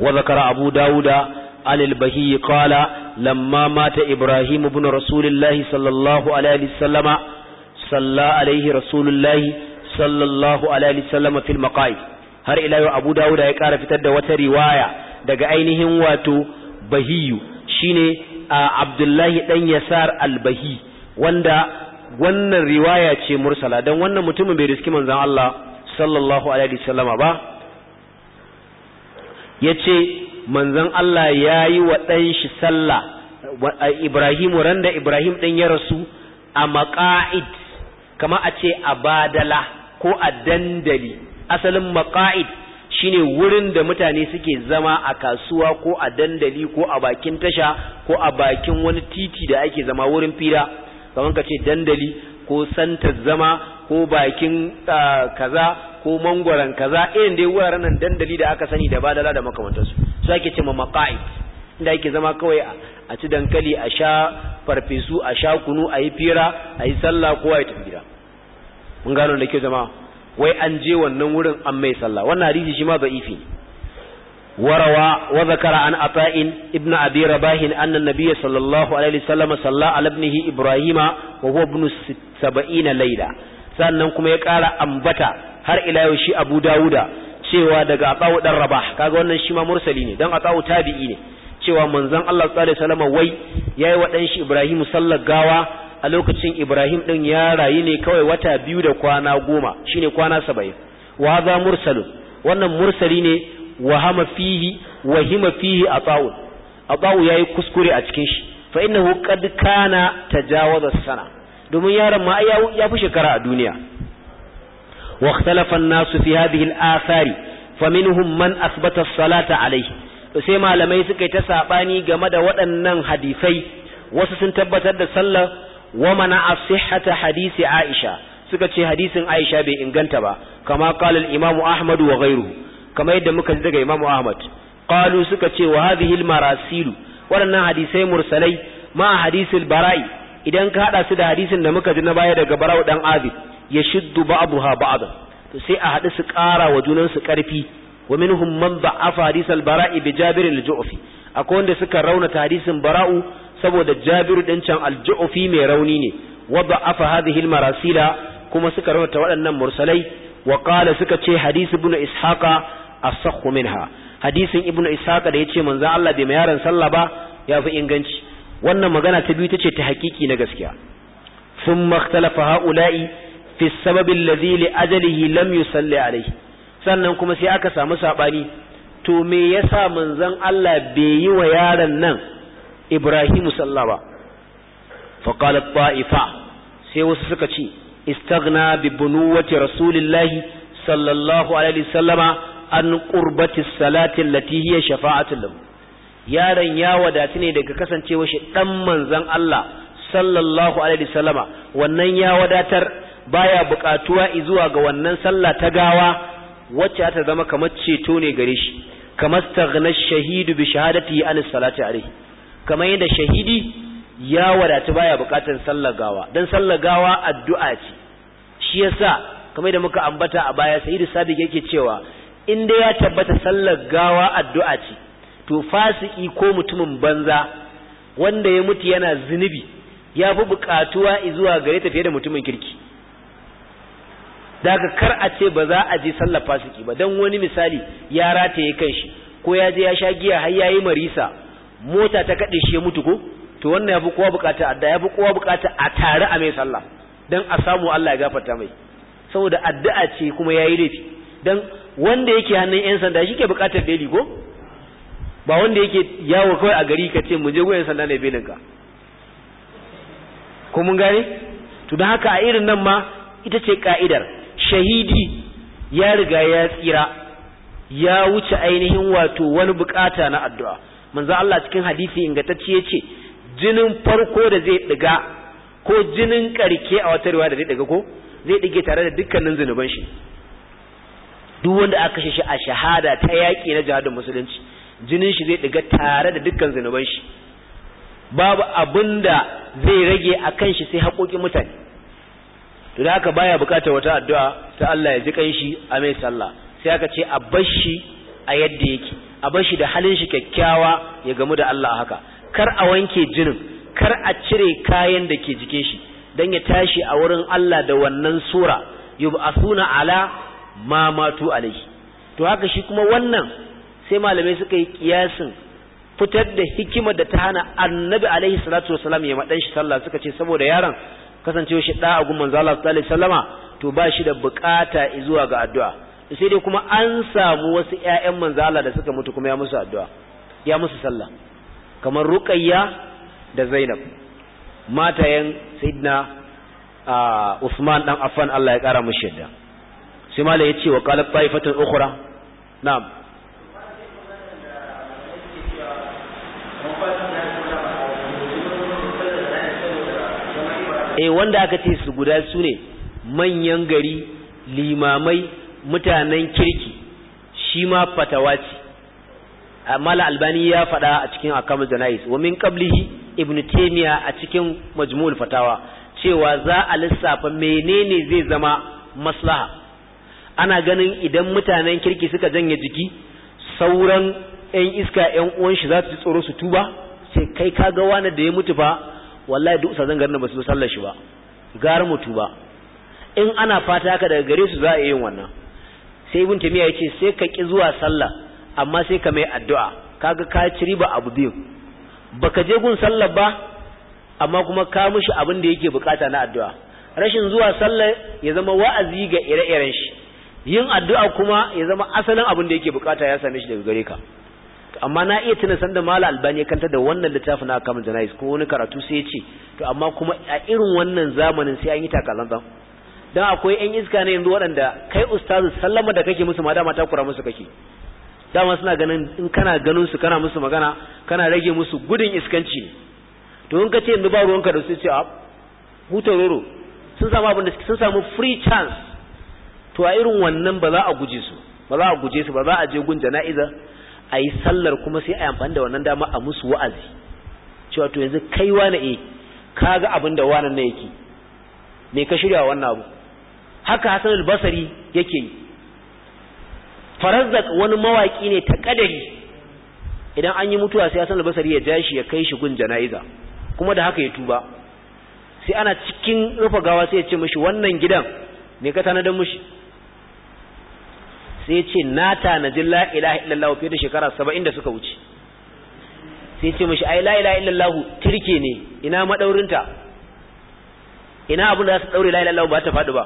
wa zakara abu dawuda Alil البهي قال Lamma, mata Ibrahim, بن رسول sallallahu alaihi الله عليه صلى عليه رسول الله صلى الله عليه وسلم في har ila yau Abu Dawud ya ƙara fitar da wata riwaya daga ainihin wato Bahiyu shine Abdullahi dan Yasar al-Bahi wanda wannan riwaya ce mursala dan wannan mutumin bai riski manzon Allah sallallahu alaihi wasallama ba yace manzon Allah yayi wa dan shi sallah Ibrahim randa Ibrahim ɗin ya rasu a maqa'id kama a ce a badala ko a dandali asalin maqaid shine wurin da mutane suke zama a kasuwa ko a dandali ko a bakin tasha ko a bakin wani titi da ake zama wurin fira kamar ka ce dandali ko santar zama ko bakin kaza ko mangwaron kaza irin dai wuraren nan dandali da aka sani da badala da makamantarsu su ake ce ma maka'id inda ake zama kawai a ci dankali a sha farfesu a sha kunu a yi fira a yi sallah kowa a yi tafira mun gano da ke zama wai an je wannan wurin an mai sallah wannan hadisi shi ma da'ifi ne warawa wa zakara an ata'in ibnu abi rabahin anna nabiyya sallallahu alaihi wasallam salla ala ibnihi ibrahima wa huwa ibn 70 layla sannan kuma ya kara ambata har ila yau shi abu dawuda cewa daga atawu dan rabah kaga wannan shi ma mursali ne dan atawu tabi'i ne cewa manzon Allah sallallahu alaihi wasallam wai yayi wa dan shi Ibrahim sallar gawa a lokacin Ibrahim din ya rayu ne kawai wata biyu da kwana goma shine kwana saba'in wa hadha mursalu wannan mursali ne wahama fihi wahima fihi ata'u ata'u yayi kuskure a cikin shi fa innahu qad kana tajawaza sana domin yaron ma ya fi shekara a duniya واختلف الناس في هذه الآثار فمنهم من أثبت الصلاة عليه sai malamai suka yi ta saɓani game da waɗannan hadisai wasu sun tabbatar da sallar wa mana asihhata hadisi Aisha suka ce hadisin Aisha bai inganta ba kama qala imam Ahmad wa gairu kama yadda muka ji daga Imam Ahmad qalu suka ce wa hadhihi al-marasil waɗannan hadisai mursalai ma hadisil bara'i idan ka hada su da hadisin da muka ji na baya daga bara'u dan Abid ya shiddu ba'daha ba'd to sai a hadu su ƙara wa junan su ƙarfi wa minhum man al-bara'i bi Jabir al akwai wanda suka raunata hadisin bara'u saboda Jabir din can al-Ju'fi mai rauni ne wa da'afa hadhihi al-marasila kuma suka raunata waɗannan mursalai wa qala suka ce hadisi ibn Ishaqa asahhu minha hadisin ibn Ishaqa da yace manzon Allah bai yaran sallah ba ya fi inganci wannan magana ta biyu tace ta hakiki na gaskiya thumma ikhtalafa ha'ula'i fi sababi alladhi li ajalihi lam yusalli alayhi sannan kuma sai aka samu saɓani to me yasa manzon Allah bai yi wa yaron nan Ibrahim sallah ba faqalat ta'ifa sai wasu suka ce istaghna bi bunuwati rasulillahi sallallahu alaihi wasallama an qurbati salati allati hiya shafa'atul yaron ya wadatu ne daga kasancewa shi dan manzon Allah sallallahu alaihi wasallama wannan ya wadatar baya buƙatuwa zuwa ga wannan sallah ta gawa wacce ta zama kamar ceto ne gare shi kamar staghna shahidu bi shahadati an salati alaihi kamar yadda shahidi ya wadatu baya bukatar sallar gawa dan sallar gawa addu'a ce shi yasa kamar da muka ambata a baya sayyidu sadiq yake cewa in dai ya tabbata sallar gawa addu'a ce to fasiki ko mutumin banza wanda ya mutu yana zunubi ya fi bukatuwa zuwa gare ta fiye da mutumin kirki daga kar a ce ba za a je sallar fasiki ba dan wani misali ya rataye kan shi ko ya je ya sha giya har yayi marisa mota ta kaɗe shi ya mutu ko to wannan ya fi kowa bukata adda fi kowa bukata a tare a mai sallah dan a samu Allah ya gafarta mai saboda addu'a ce kuma yayi laifi dan wanda yake hannun yan sanda shi ke bukatar beli ko ba wanda yake yawo kawai a gari ka ce mu je goyen sanda ne belin ka ko mun gane to dan haka a irin nan ma ita ce ka'idar shahidi ya riga ya tsira ya wuce ainihin wato wani bukata na addu'a manzo Allah cikin hadisi ingantacce yace jinin farko da zai diga ko jinin karke a wata riwaya da zai diga ko zai dige tare da dukkanin zunuban shi duk wanda aka kashe shi a shahada ta yaki na jihadin musulunci jinin shi zai diga tare da dukkan zunuban shi babu abinda zai rage akan shi sai haƙoƙin mutane to da haka baya bukatar wata addu'a ta Allah ya ji kanshi a mai sallah sai aka ce a bashi a yadda yake a bashi da halin shi kyakkyawa ya gamu da Allah haka kar a wanke jinin kar a cire kayan da ke jikin shi dan ya tashi a wurin Allah da wannan sura yub'athuna ala ma matu alaihi to haka shi kuma wannan sai malamai suka yi kiyasin fitar da hikimar da ta hana annabi alaihi salatu wasalam ya madan shi sallah suka ce saboda yaron kasancewa shi da agun manzo Allah sallallahu alaihi wasallama to ba shi da bukata zuwa ga addu'a sai dai kuma an samu wasu 'ya'yan manzo Allah da suka mutu kuma ya musu addu'a ya musu sallah kamar Ruqayya da Zainab matayen Sayyidina Usman ɗan Affan Allah ya kara mushi yadda sai ya ce wa qalat taifatan ukhra na'am E wanda aka ce su guda su ne manyan gari limamai mutanen kirki shi ma fatawa ce ah, albani ya faɗa a cikin akamu janais wa min qablihi ibnu taymiya a cikin majmu'ul fatawa cewa za a lissafa menene zai zama maslaha ana ganin idan mutanen kirki suka janye jiki sauran 'yan iska 'yan uwan shi za su ji tsoro su tuba sai kai kaga wani da ya mutu fa wallahi duk sazan garin ba su sallar shi ba gar mutu ba in ana fata haka daga gare su za a yi wannan sai ibn tamiya yace sai ka ki zuwa sallah amma sai ka mai addu'a kaga ka ci riba abu biyu baka je gun sallah ba amma kuma ka mishi abin da yake bukata na addu'a rashin zuwa sallar ya zama wa'azi ga ire-iren shi yin addu'a kuma ya zama asalin abin da yake bukata ya same shi daga gare ka amma na iya tuna sanda mala albani kanta da wannan littafin na kamun janais ko wani karatu sai ya ce to amma kuma a irin wannan zamanin sai an yi takalanta don akwai yan iska ne yanzu waɗanda kai ustazu sallama da kake musu ma dama takura musu kake dama suna ganin in kana ganin su kana musu magana kana rage musu gudun iskanci ne to in ka ce yanzu ba ruwanka da su ce a hutaroro sun samu abin da sun samu free chance to a irin wannan ba za a guje su ba za a guje su ba za a je gun jana'iza a yi sallar kuma sai a yi amfani da wannan dama a musu wa'azi cewa to yanzu kai wani e eh, ka ga abin da wani na yake me ka shirya wannan abu haka hasan albasari yake yi Farazak wani mawaƙi ne ta ƙadari, idan an yi mutuwa sai hasan albasari ya jashi ya kai shi gun jana'iza kuma da haka ya tuba sai ana cikin rufe gawa sai ya ce mashi wannan gidan me ka tanadar mashi sai ce na tanaji la illallahu fiye da shekara saba'in da suka wuce sai ce mashi ai la ilaha illallah turke ne ina madaurinta ina abin da za su daure la ilaha ba ta faɗi ba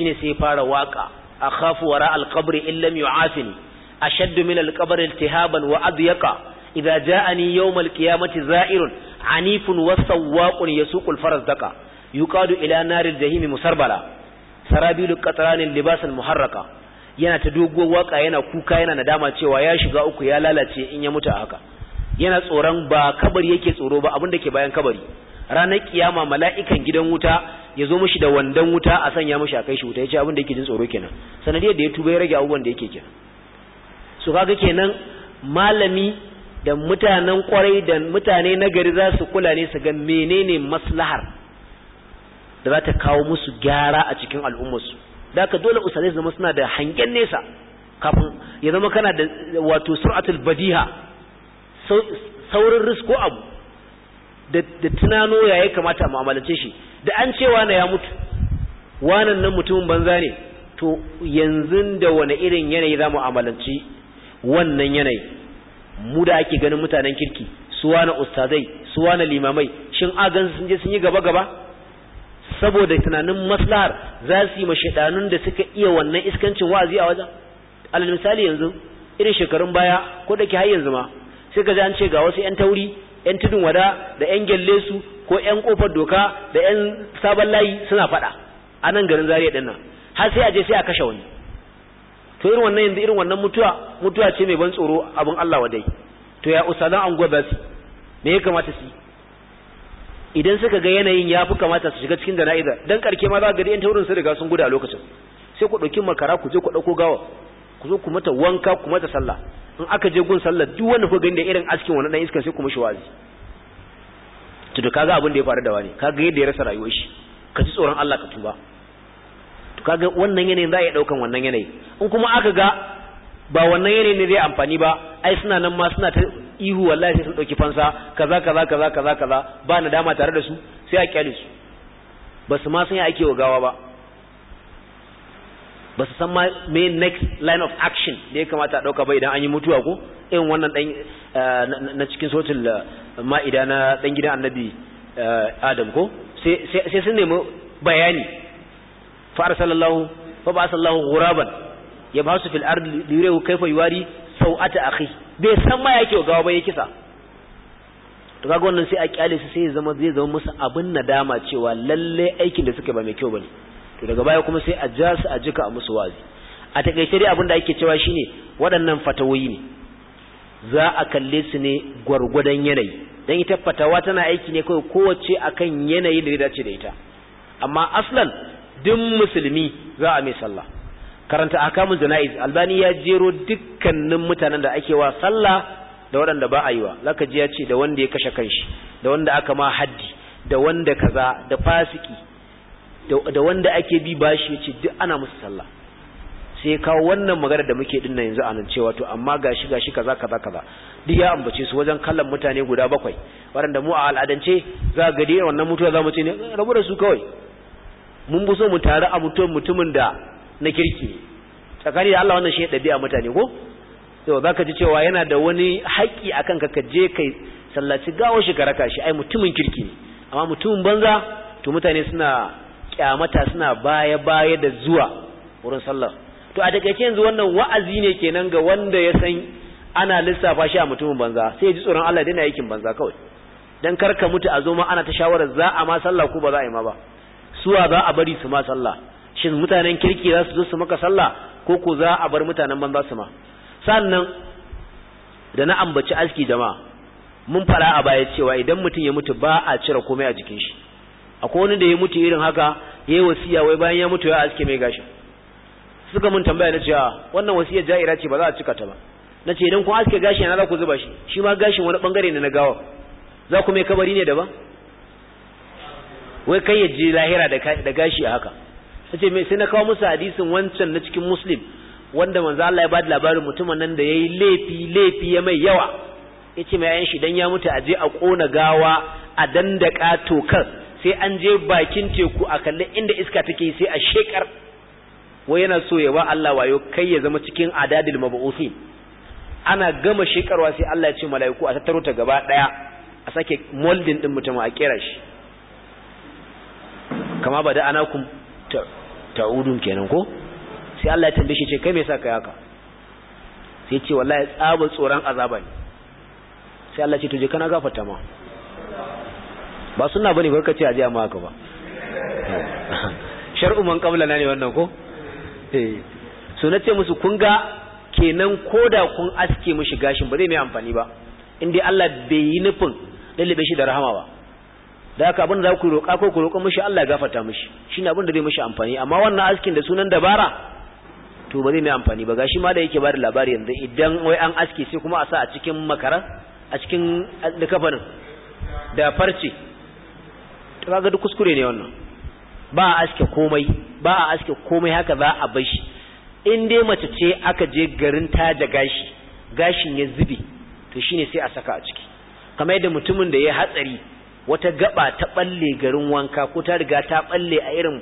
ne sai fara waƙa a akhafu wara alqabri in lam yu'afini ashaddu min alqabri iltihaban wa adyaqa idza ja'ani yawm alqiyamati za'irun anifun wa sawwaqun yasuqu alfaras daqa yuqadu ila naril jahimi musarbala sarabilu qatranin libasan muharraka yana ta doguwar waka yana kuka yana nadama cewa ya shiga uku ya lalace in ya mutu a haka yana tsoron ba kabari yake tsoro ba abin da ke bayan kabari ranar kiyama mala'ikan gidan wuta ya zo mishi da wandan wuta a sanya mishi a kai shi wuta ya ce abin da yake jin tsoro kenan sanadiyar da ya tuba ya rage abubuwan da yake kenan su kaga kenan malami da mutanen kwarai da mutane nagari za su kula ne su ga menene maslahar da za ta kawo musu gyara a cikin al'ummarsu da aka dole usale zama suna da hangen nesa kafin ya zama kana da wato sur'atul badiha saurin risko abu da tunano ya yi kamata mu'amalance shi da an ce wane ya mutu wanan nan mutumin banza ne to yanzu da wane irin yanayi za mu wannan yanayi mu da ake ganin mutanen kirki su wane ustazai su wane limamai shin agan sun je sun yi gaba gaba saboda tunanin maslahar za su yi mashaɗanun da suka iya wannan iskancin wa'azi a wajen alal misali yanzu irin shekarun baya ko dake ke har yanzu ma sai ka ji ce ga wasu 'yan tauri 'yan tudun wada da 'yan gelle su ko 'yan kofar doka da 'yan sabon layi suna faɗa a nan garin zariya ɗin nan har sai a je sai a kashe wani to irin wannan yanzu irin wannan mutuwa mutuwa ce mai ban tsoro abin Allah wadai to ya usalan an gwada su me ya kamata su yi idan suka ga yanayin ya fi kamata su shiga cikin jana'iza dan karke ma za ga yan taurin sun riga sun gudu a lokacin sai ku dauki makara ku je ku dauko gawa ku zo ku mata wanka ku mata sallah in aka je gun sallah duk wanda ku gani da irin askin wannan dan iskan sai ku mishi wazi to da kaga abin da ya faru da wani kaga yadda ya rasa rayuwar shi ka ji tsoron Allah ka tuba to kaga wannan yanayin za a iya daukan wannan yanayi in kuma aka ga ba wannan yanayin ne zai amfani ba ai suna nan ma suna ihu wallahi sai sun dauki fansa kaza kaza kaza kaza kaza ba na dama tare da su sai a kyale su ba su ma san ya ake wa gawa ba ba su san ma me next line of action da ya kamata a dauka ba idan an yi mutuwa ko irin wannan dan eh, na cikin sotin eh, ma'ida na dan gidan annabi eh, adam ko sai sun nemi bayani fa arsalallahu fa ba'athallahu ghuraban yabhasu fil ardi liyurihu kayfa yuwari sau'ata akhihi bai san ma yake gawa ba ya kisa to kaga wannan sai a kyale su sai zama zai zama musu abin nadama cewa lalle aikin da suke ba mai kyau bane to daga baya kuma sai a ja su a jika a musu wazi a takaice dai abin da ake cewa shine waɗannan fatawoyi ne za a kalle su ne gwargwadon yanayi dan ita fatawa tana aiki ne kawai kowace akan yanayi da ya dace da ita amma aslan duk musulmi za a mai sallah karanta akamun zinaiz albani ya jero dukkanin mutanen da ake wa sallah da waɗanda ba a yi wa zaka ji ya ce da wanda ya kashe kanshi da wanda aka ma haddi da wanda kaza da fasiki da wanda ake bi bashi ya ce duk ana musu sallah sai kawo wannan magana da muke dinna yanzu a nan cewa to amma gashi gashi kaza kaza kaza duk ya ambace su wajen kallon mutane guda bakwai waɗanda mu a al'adance za ga dai wannan mutuwa za mu ce ne eh, rabu da su kawai mun bi so mu tare a mutum mutumin da na kirki ne tsakani da Allah wannan shi ɗabi'a mutane ko yau ka ji cewa yana da wani haƙƙi akan ka je kai sallaci gawon shi karaka shi ai mutumin kirki ne amma mutumin banza to mutane suna kyamata suna baya baya da zuwa wurin sallah to a takaice yanzu wannan wa'azi ne kenan ga wanda ya san ana lissafa shi a mutumin banza sai ya ji tsoron Allah daina yakin banza kawai dan karka mutu a zo ma ana ta shawara za a ma sallah ko ba za a yi ma ba suwa za a bari su ma sallah shin mutanen kirki za su zo su maka sallah ko ko za a bar mutanen banza su ma sannan da na ambaci aski jama'a mun fara a baya cewa idan mutum ya mutu ba a cire komai a jikin shi akwai wani da ya mutu irin haka yayi wasiya wai bayan ya mutu ya aske mai gashi suka mun tambaya na cewa ah, wannan wasiya ja'ira ce ba za a cika ta ba nace idan kun aske gashi na za ku zuba shi shi ma gashin wani bangare ne na gawa za ku mai kabari ne daban wai kai ya ji lahira da gashi a haka ce me sai na kawo musu hadisin wancan na cikin muslim wanda manzo Allah ya bada labarin mutumin nan da yayi laifi laifi ya mai yawa yace mai ayan shi dan ya mutu aje a kona gawa a dandaka tokar sai an je bakin teku a kalle inda iska take sai a shekar wai yana so ya ba Allah wayo kai ya zama cikin adadil mabu'usin ana gama shekarwa sai Allah ya ce mala'iku a tattaro ta gaba daya a sake molding din mutum a kera shi kama ba da anakum ta'udun kenan ko sai Allah ya tambaye shi ce kai me yasa kai haka sai ce wallahi tsaba tsoron azaba ne sai Allah ce to je kana gafarta ma ba sunna bane ba kace aje amma haka ba shar'u man qabla na ne wannan ko eh so nace musu kun ga kenan koda kun aske mishi gashin ba zai mai amfani ba indai Allah bai yi nufin lallabe shi da rahama ba da haka abin da za ku roƙa ko ku roƙa mishi Allah ya gafarta mishi shine abin da zai mishi amfani amma wannan askin da sunan dabara to ba zai mai amfani ba gashi ma da yake bada labari yanzu idan wai an aski sai kuma a sa a cikin makara a cikin likafanin da farce to kaga duk kuskure ne wannan ba a aske komai ba a aske komai haka za a bar shi in dai mace ce aka je garin taja gashi gashin ya zube to shine sai a saka a ciki kamar yadda mutumin da ya hatsari wata gaba ta balle garin wanka ko ta riga ta balle a irin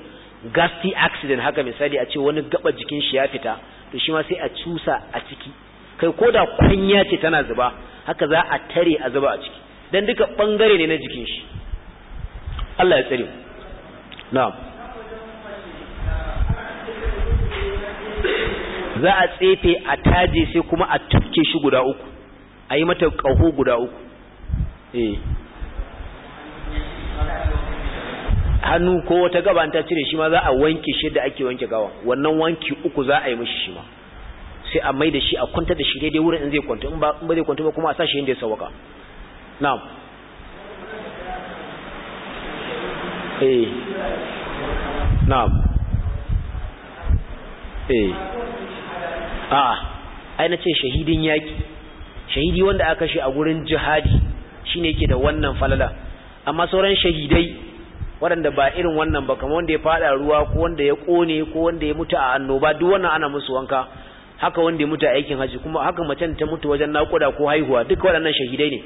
gasti accident haka misali a ce wani gaba jikin shi ya fita to shi ma sai a cusa a ciki kai ko da kwanya ce tana zuba haka za a tare a zuba a ciki dan duka bangare ne na jikin shi Allah ya tsare na'am za a tsefe a taje sai kuma a tufke shi guda uku a yi mata ƙaho guda uku eh hannu ko wata gaba ta cire shi ma za a wanke shi da ake wanke gawa wannan wanki uku za a yi mishi shi ma sai a mai da shi a kwanta da shi daidai wurin in zai kwanta in ba zai kwanta ba kuma a sa shi inda ya sawaka na'am eh na'am eh a'a ai na ce shahidin yaki shahidi wanda aka shi a gurin jihadi shine yake da wannan falala amma sauran shahidai waɗanda ba irin wannan ba kamar wanda ya faɗa ruwa ko wanda ya kone ko wanda ya mutu a annoba duk wannan ana musu wanka haka wanda ya mutu a aikin haji kuma haka macen ta mutu wajen naƙuda ko haihuwa duka waɗannan shahidai ne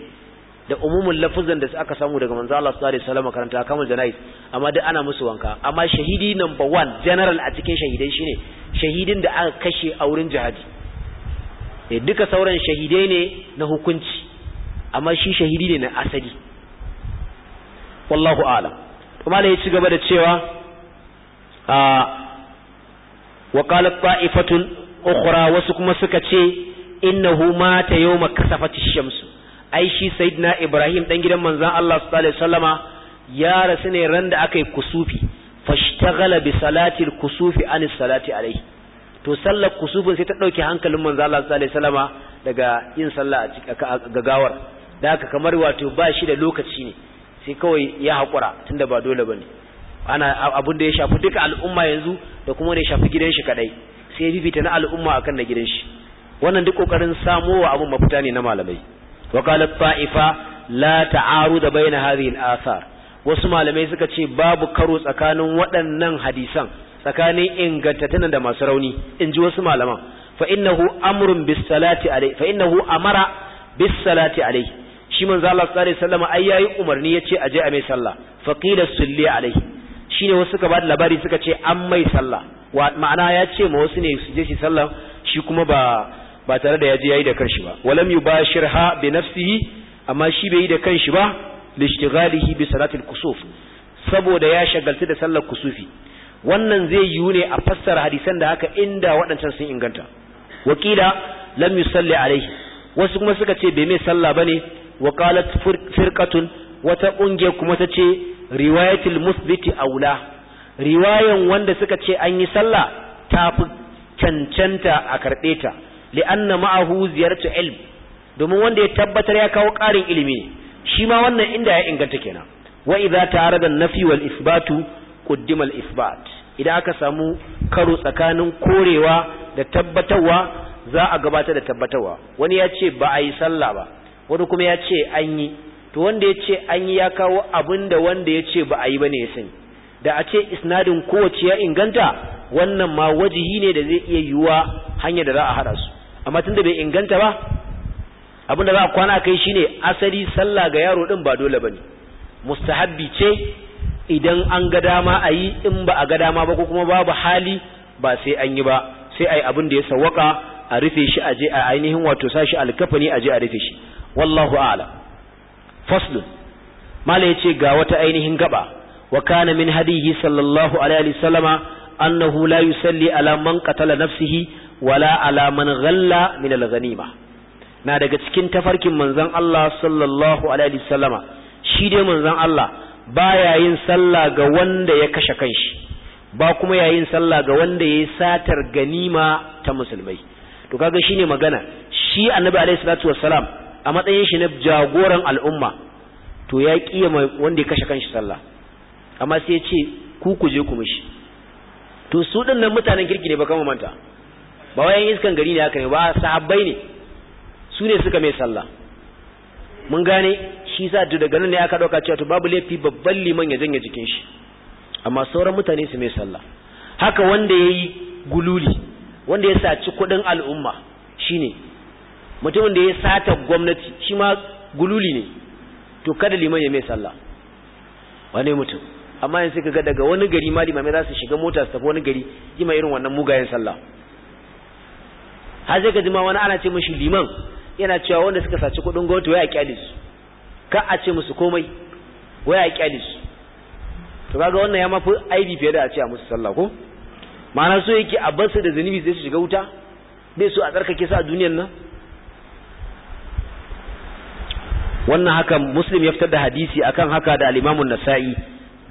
da umumin lafuzan da aka samu daga manzo Allah sallallahu alaihi wasallam karanta kamar janais amma duk ana musu wanka amma shahidi number 1 general a cikin shahidai shine shahidin da aka kashe a wurin jihadi eh duka sauran shahidai ne na hukunci amma shi shahidi ne na asali wallahu a'lam kuma ne ya ci gaba da cewa a wa qala ta'ifatun ukhra wasu kuma suka ce innahu mata yawma kasafati shamsu ai shi sayyidina ibrahim dan gidan manzon Allah sallallahu ya rasu ne ran da aka yi kusufi fashtaghala bi salatil kusufi an salati alai to sallar kusufin sai ta dauke hankalin manzo Allah sallallahu alaihi wasallama daga yin sallah a gagawar da haka kamar wato ba shi da lokaci ne sai kawai ya haƙura tunda ba dole bane ana abin da ya shafi duka al'umma yanzu da kuma ne shafi gidan shi kadai sai bibita na al'umma akan na gidan shi wannan duk kokarin samo wa abun mafita ne na malamai wa qalat fa'ifa la ta'aru da baina hadhihi al-athar wasu malamai suka ce babu karo tsakanin waɗannan hadisan tsakanin ingantattun da masu rauni in ji wasu malaman fa innahu amrun bis salati alai fa innahu amara bis salati alai shi manzo Allah sallallahu alaihi wasallam ai yayi umarni yace a je a mai sallah faqila salli alaihi shine wasu suka ba da labari suka ce an mai sallah ma'ana ya ce ma wasu ne su je shi sallah shi kuma ba ba tare da ya yayi da kanshi ba walam yubashirha bi nafsihi amma shi bai yi da kanshi ba lishtighalihi bi salatil kusuf saboda ya shagaltu da sallar kusufi wannan zai yiwu ne a fassara hadisan da haka inda waɗancan sun inganta wakila lam yusalli alaihi wasu kuma suka ce bai mai sallah bane wa qalat firqatun wata ƙungiyar kuma ta ce riwayatul musbiti aula riwayan wanda suka ce an yi sallah ta fi cancanta a karbe ta li'anna ma'ahu ziyartu ilm domin wanda ya tabbatar ya kawo ƙarin ilimi shi ma wannan inda ya inganta kenan wa idza taradan nafi wal isbatu quddima al-isbat idan aka samu karo tsakanin korewa da tabbatarwa za a gabatar da tabbatarwa wani ya ce ba a yi sallah ba wani kuma ya ce an yi to wanda ya ce an yi ya kawo abin da wanda ya ce ba a yi ba ne ya da a ce isnadin kowace ya inganta wannan ma wajihi ne da zai iya yiwuwa hanyar da za a haɗa su amma tun bai inganta ba abin da za a kwana kai shine asali sallah ga yaro din ba dole bane mustahabbi ce idan an ga dama a yi in ba a ga dama ba ko kuma babu hali ba sai an yi ba sai a yi abin da ya sawaka a rufe shi a je a ainihin wato sashi alkafani a je a rufe shi wallahu a'lam faslun mala yace ga wata ainihin gaba wa kana min hadihi sallallahu alaihi wasallama annahu la yusalli ala man qatala nafsihi wala ala man ghalla min al-ghanima na daga cikin tafarkin manzon Allah sallallahu alaihi wasallama shi dai manzon Allah baya yin sallah ga wanda ya kashe kanshi ba kuma yayin sallah ga wanda yayi satar ganima ta musulmai to kaga shine magana shi annabi alaihi salatu wassalam a matsayin shi na jagoran al'umma to ya kiya wanda ya kashe kanshi sallah amma sai ya ce ku ku je ku mishi to su din nan mutanen kirki ne ba kama manta ba wayan iskan gari ne haka ne ba sahabbai ne su ne suka mai sallah mun gane shi sa to daga nan ne aka dauka cewa to babu laifi babban liman ya janye jikin shi amma sauran mutane su mai sallah haka wanda yayi gululi wanda ya saci kuɗin al'umma shine mutumin da ya sata gwamnati shi ma gululi ne to kada liman ya mai sallah wane mutum amma yanzu kaga daga wani gari ma limamai za su shiga mota su tafi wani gari yi ma irin wannan mugayen sallah har sai ka ji wani ana ce mashi liman yana cewa wanda suka saci kudin gwamnati waya kyali su ka a ce musu komai waya kyali su to kaga wannan ya mafi aibi fiye da a ce a musu sallah ko ma'ana so yake a barsa da zunubi sai su shiga wuta bai so a tsarkake su a duniyar nan wannan haka muslim ya fitar da hadisi akan haka da alimamun nasa'i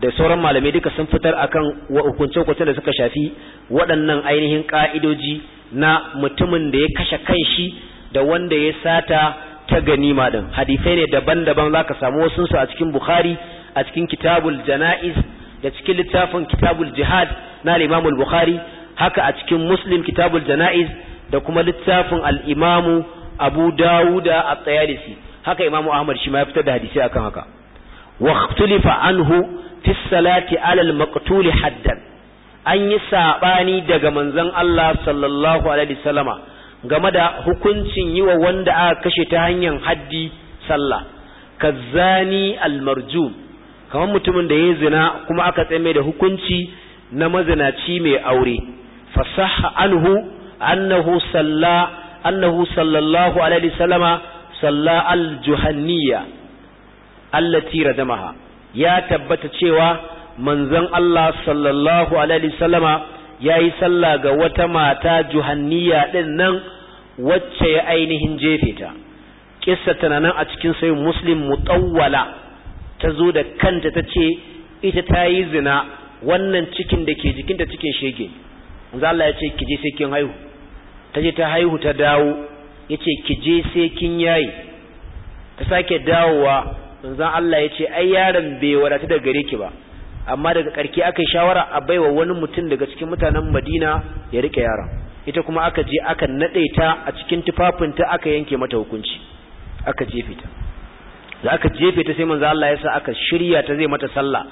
da sauran malamai duka sun fitar akan hukunce-hukunce da suka shafi waɗannan ainihin ƙa'idoji na mutumin da ya kashe kanshi da wanda ya sata ta ganima din hadisai ne daban-daban zaka samu wasu su a cikin bukhari a cikin kitabul janaiz da cikin littafin kitabul jihad na alimamul imam bukhari haka a cikin muslim kitabul janaiz da kuma littafin al'imamu abu dawuda a tsayalisi. haka imamu ahmad shi ma ya fitar da hadisi akan haka wa anhu fi salati ala al haddan an yi sabani daga manzon Allah sallallahu alaihi wasallama game da hukuncin yi wa wanda aka kashe ta hanyar haddi sallah kazzani al-marjum kamar mutumin da ya zina kuma aka tsame da hukunci na mazinaci mai aure fasaha anhu annahu salla annahu sallallahu alaihi wasallama salla al-juhanniya allati radamaha ya tabbata cewa manzon Allah sallallahu alaihi wasallama yayi salla ga wata mata juhanniya din nan wacce ya ainihin jefe ta kissata nan a cikin sai muslim mutawwala ta zo da kanta ta ce ita ta yi zina wannan cikin da ke jikinta cikin shege manzo Allah ya ce ki sai kin haihu ta je ta haihu ta dawo Ya ce ki je sai kin yayi ta sake dawowa zan Allah ya ce ai yaron bai wadata da gare ki ba amma daga karki aka yi shawara a baiwa wani mutum daga cikin mutanen Madina ya rike yaron ita kuma aka je aka nade ta a cikin tufafinta aka yanke mata hukunci aka jefe ta da aka jefe ta sai manzo Allah ya sa aka shirya ta zai mata sallah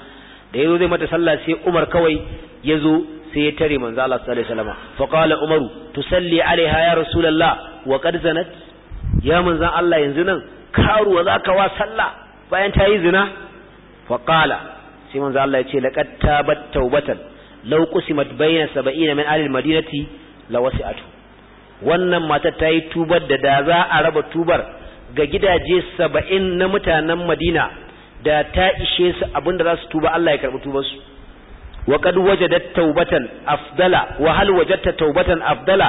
da yazo zai mata sallah sai Umar kawai yazo sai ya tare manzo Allah sallallahu alaihi wasallam fa qala umaru tusalli alaiha ya rasulullah wa qad zanat ya manzo Allah yanzu nan karuwa zaka wa sallah bayan ta yi zina fa qala sai manzo Allah ya ce laqad tabat tawbatan law qusimat bayna 70 min ahli almadinati lawasi'atu wannan matar ta yi tubar da da za a raba tubar ga gidaje 70 na mutanen Madina da ta ishe su abinda za su tuba Allah ya karbi tubar su wa qad wajadat tawbatan afdala wa hal wajadta tawbatan afdala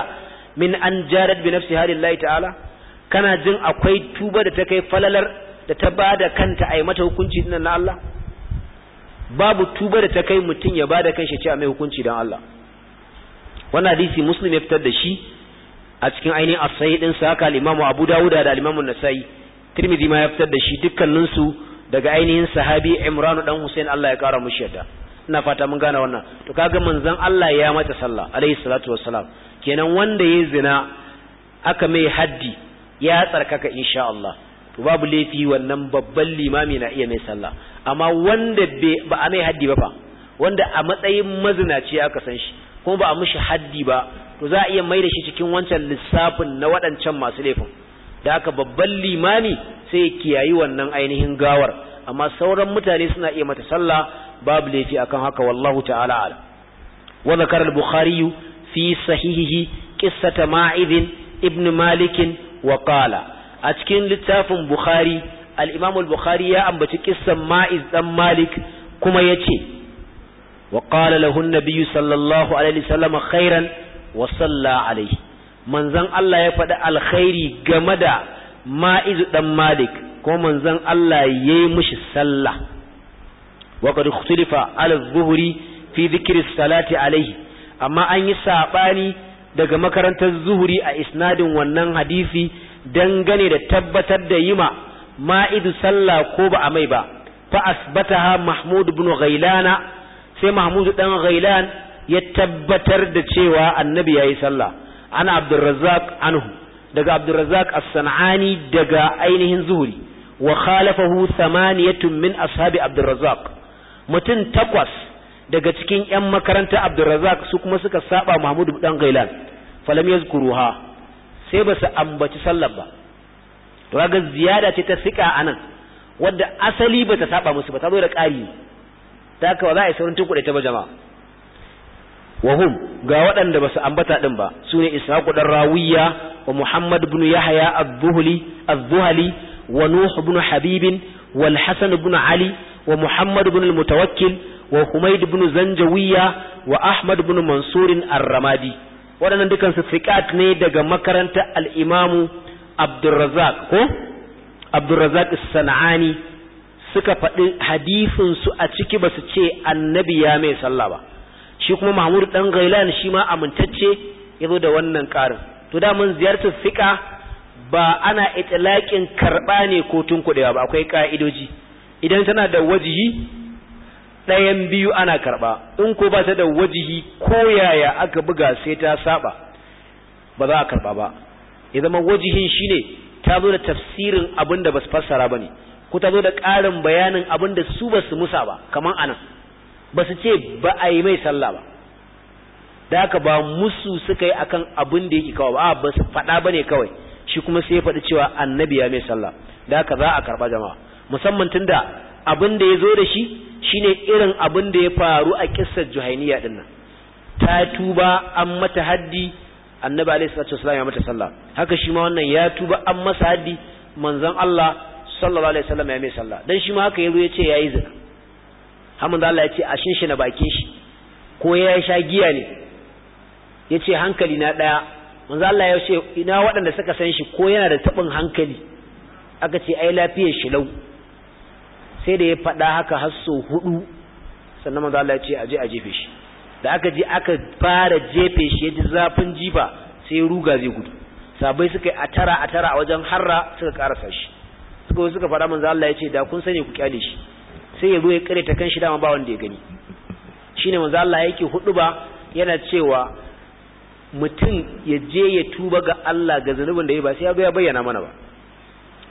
min an jarat bi nafsi halillahi ta'ala kana jin akwai tuba da ta kai falalar da ta bada kanta ai mata hukunci din na Allah babu tuba da ta kai mutum ya bada kanshi ce a mai hukunci dan Allah wannan hadisi muslim ya fitar da shi a cikin ainihin as din sa haka al-imamu Abu da al-imamu Nasa'i Tirmidhi ma ya fitar da shi dukkaninsu daga ainihin sahabi Imran dan Hussein Allah ya kara mushi yadda ina fata mun gane wannan to kaga manzon Allah ya mata sallah alayhi salatu wassalam kenan wanda ya zina aka mai haddi ya tsarkaka insha Allah to babu laifi wannan babban limami na iya mai sallah amma wanda ba a mai haddi ba fa wanda a matsayin mazinaci aka san shi kuma ba a mishi haddi ba to za a iya mai da shi cikin wancan lissafin na waɗancan masu laifin da haka babban limami sai kiyayi wannan ainihin gawar amma sauran mutane suna iya mata sallah babu laifi akan haka wallahu ta'ala ala wa zakar al-bukhari fi sahihihi qissata ma'id ibn malik wa qala a cikin littafin bukhari al-imam al-bukhari ya ambaci kissan ma'iz dan malik kuma yace wa qala lahu an-nabiy sallallahu alaihi wasallam khairan wa salla alaihi manzon Allah ya faɗi alkhairi game da ma'iz dan malik ko manzon Allah yayi mishi sallah wa qad ikhtalifa ala zuhri fi dhikri salati alayhi amma an yi saɓani daga makarantar zuhuri a isnadin wannan hadisi dangane da tabbatar da yima ma'idu sallah ko ba a mai ba fa asbataha mahmud ibn ghailana sai mahmud dan ghailan ya tabbatar da cewa annabi yayi sallah ana abdurrazzaq anhu daga abdurrazzaq as-sanani daga ainihin zuhuri wa khalafahu thamaniyatun min ashabi abdurrazzaq mutum takwas daga cikin yan makaranta Abdulrazak su kuma suka saba Mahmudu ɗan Gailan falam yazkuruha sai ba su ambaci sallar ba to ga ziyada ce ta sika a nan. wadda asali ba ta saba musu ba ta zo da ƙari ta haka za a yi saurin tukuɗe ta ba jama'a wahum ga waɗanda ba su ambata ɗin ba su ne ishaqu rawiya muhammad yahaya az wal hasan ibn ali wa muhammad ibn al-mutawakkil wa humayd ibn zanjawiya wa ahmad ibn mansur ar-ramadi waɗannan dukan su fiqat ne daga makaranta al'imamu imam abdurrazzaq ko abdurrazzaq sanani suka faɗi hadisin su a ciki ba su ce annabi ya mai sallah ba shi kuma mahmud ɗan gailan shi ma amintacce ya zo da wannan ƙarin. to da mun ziyartar fiqa ba ana itilakin karɓa ne ko tunkuɗewa ba akwai ƙa'idoji idan tana da wajihi ɗayan biyu ana karɓa in ko ba ta da wajihi ko yaya aka buga sai ta saba ba za a karɓa ba ya zama wajihin shine ta zo da tafsirin abin da ba su fassara ba ne ko ta zo da ƙarin bayanin abin da su ba su musa ba kamar anan ba su ce ba a yi mai sallah ba da haka ba musu suka yi akan abin da yake kawo ba ba su faɗa ba ne kawai shi kuma sai ya faɗi cewa annabi ya mai sallah da haka za a karɓa jama'a musamman tunda abin da ya zo da shi shine irin abin da ya faru a kissar juhainiya din nan ta tuba an mata haddi annabi alaihi salatu wasallam ya mata sallah haka shi ma wannan ya tuba an masa haddi manzon Allah sallallahu alaihi wasallam ya mai sallah dan shi ma haka yazo ya ce yayi zina hamun da Allah ya ce a shinshi na bakin shi ko ya sha giya ne yace hankali na daya manzo Allah ya ce ina waɗanda suka san shi ko yana da tabin hankali aka ce ai lafiyar shi lau sai da ya faɗa haka har so hudu sannan manzo Allah ya ce aje a jefe shi da aka je aka fara jefe shi ya ji zafin jifa sai ruga zai gudu sabai suka yi atara atara a wajen harra suka karasa shi suka suka faɗa manzo Allah ya ce da kun sani ku kyale shi sai ya zo ya kare ta kan dama ba wanda ya gani shine manzo Allah yake hudu yana cewa mutum ya je ya tuba ga Allah ga zunubin da ya ba sai ya bayyana mana ba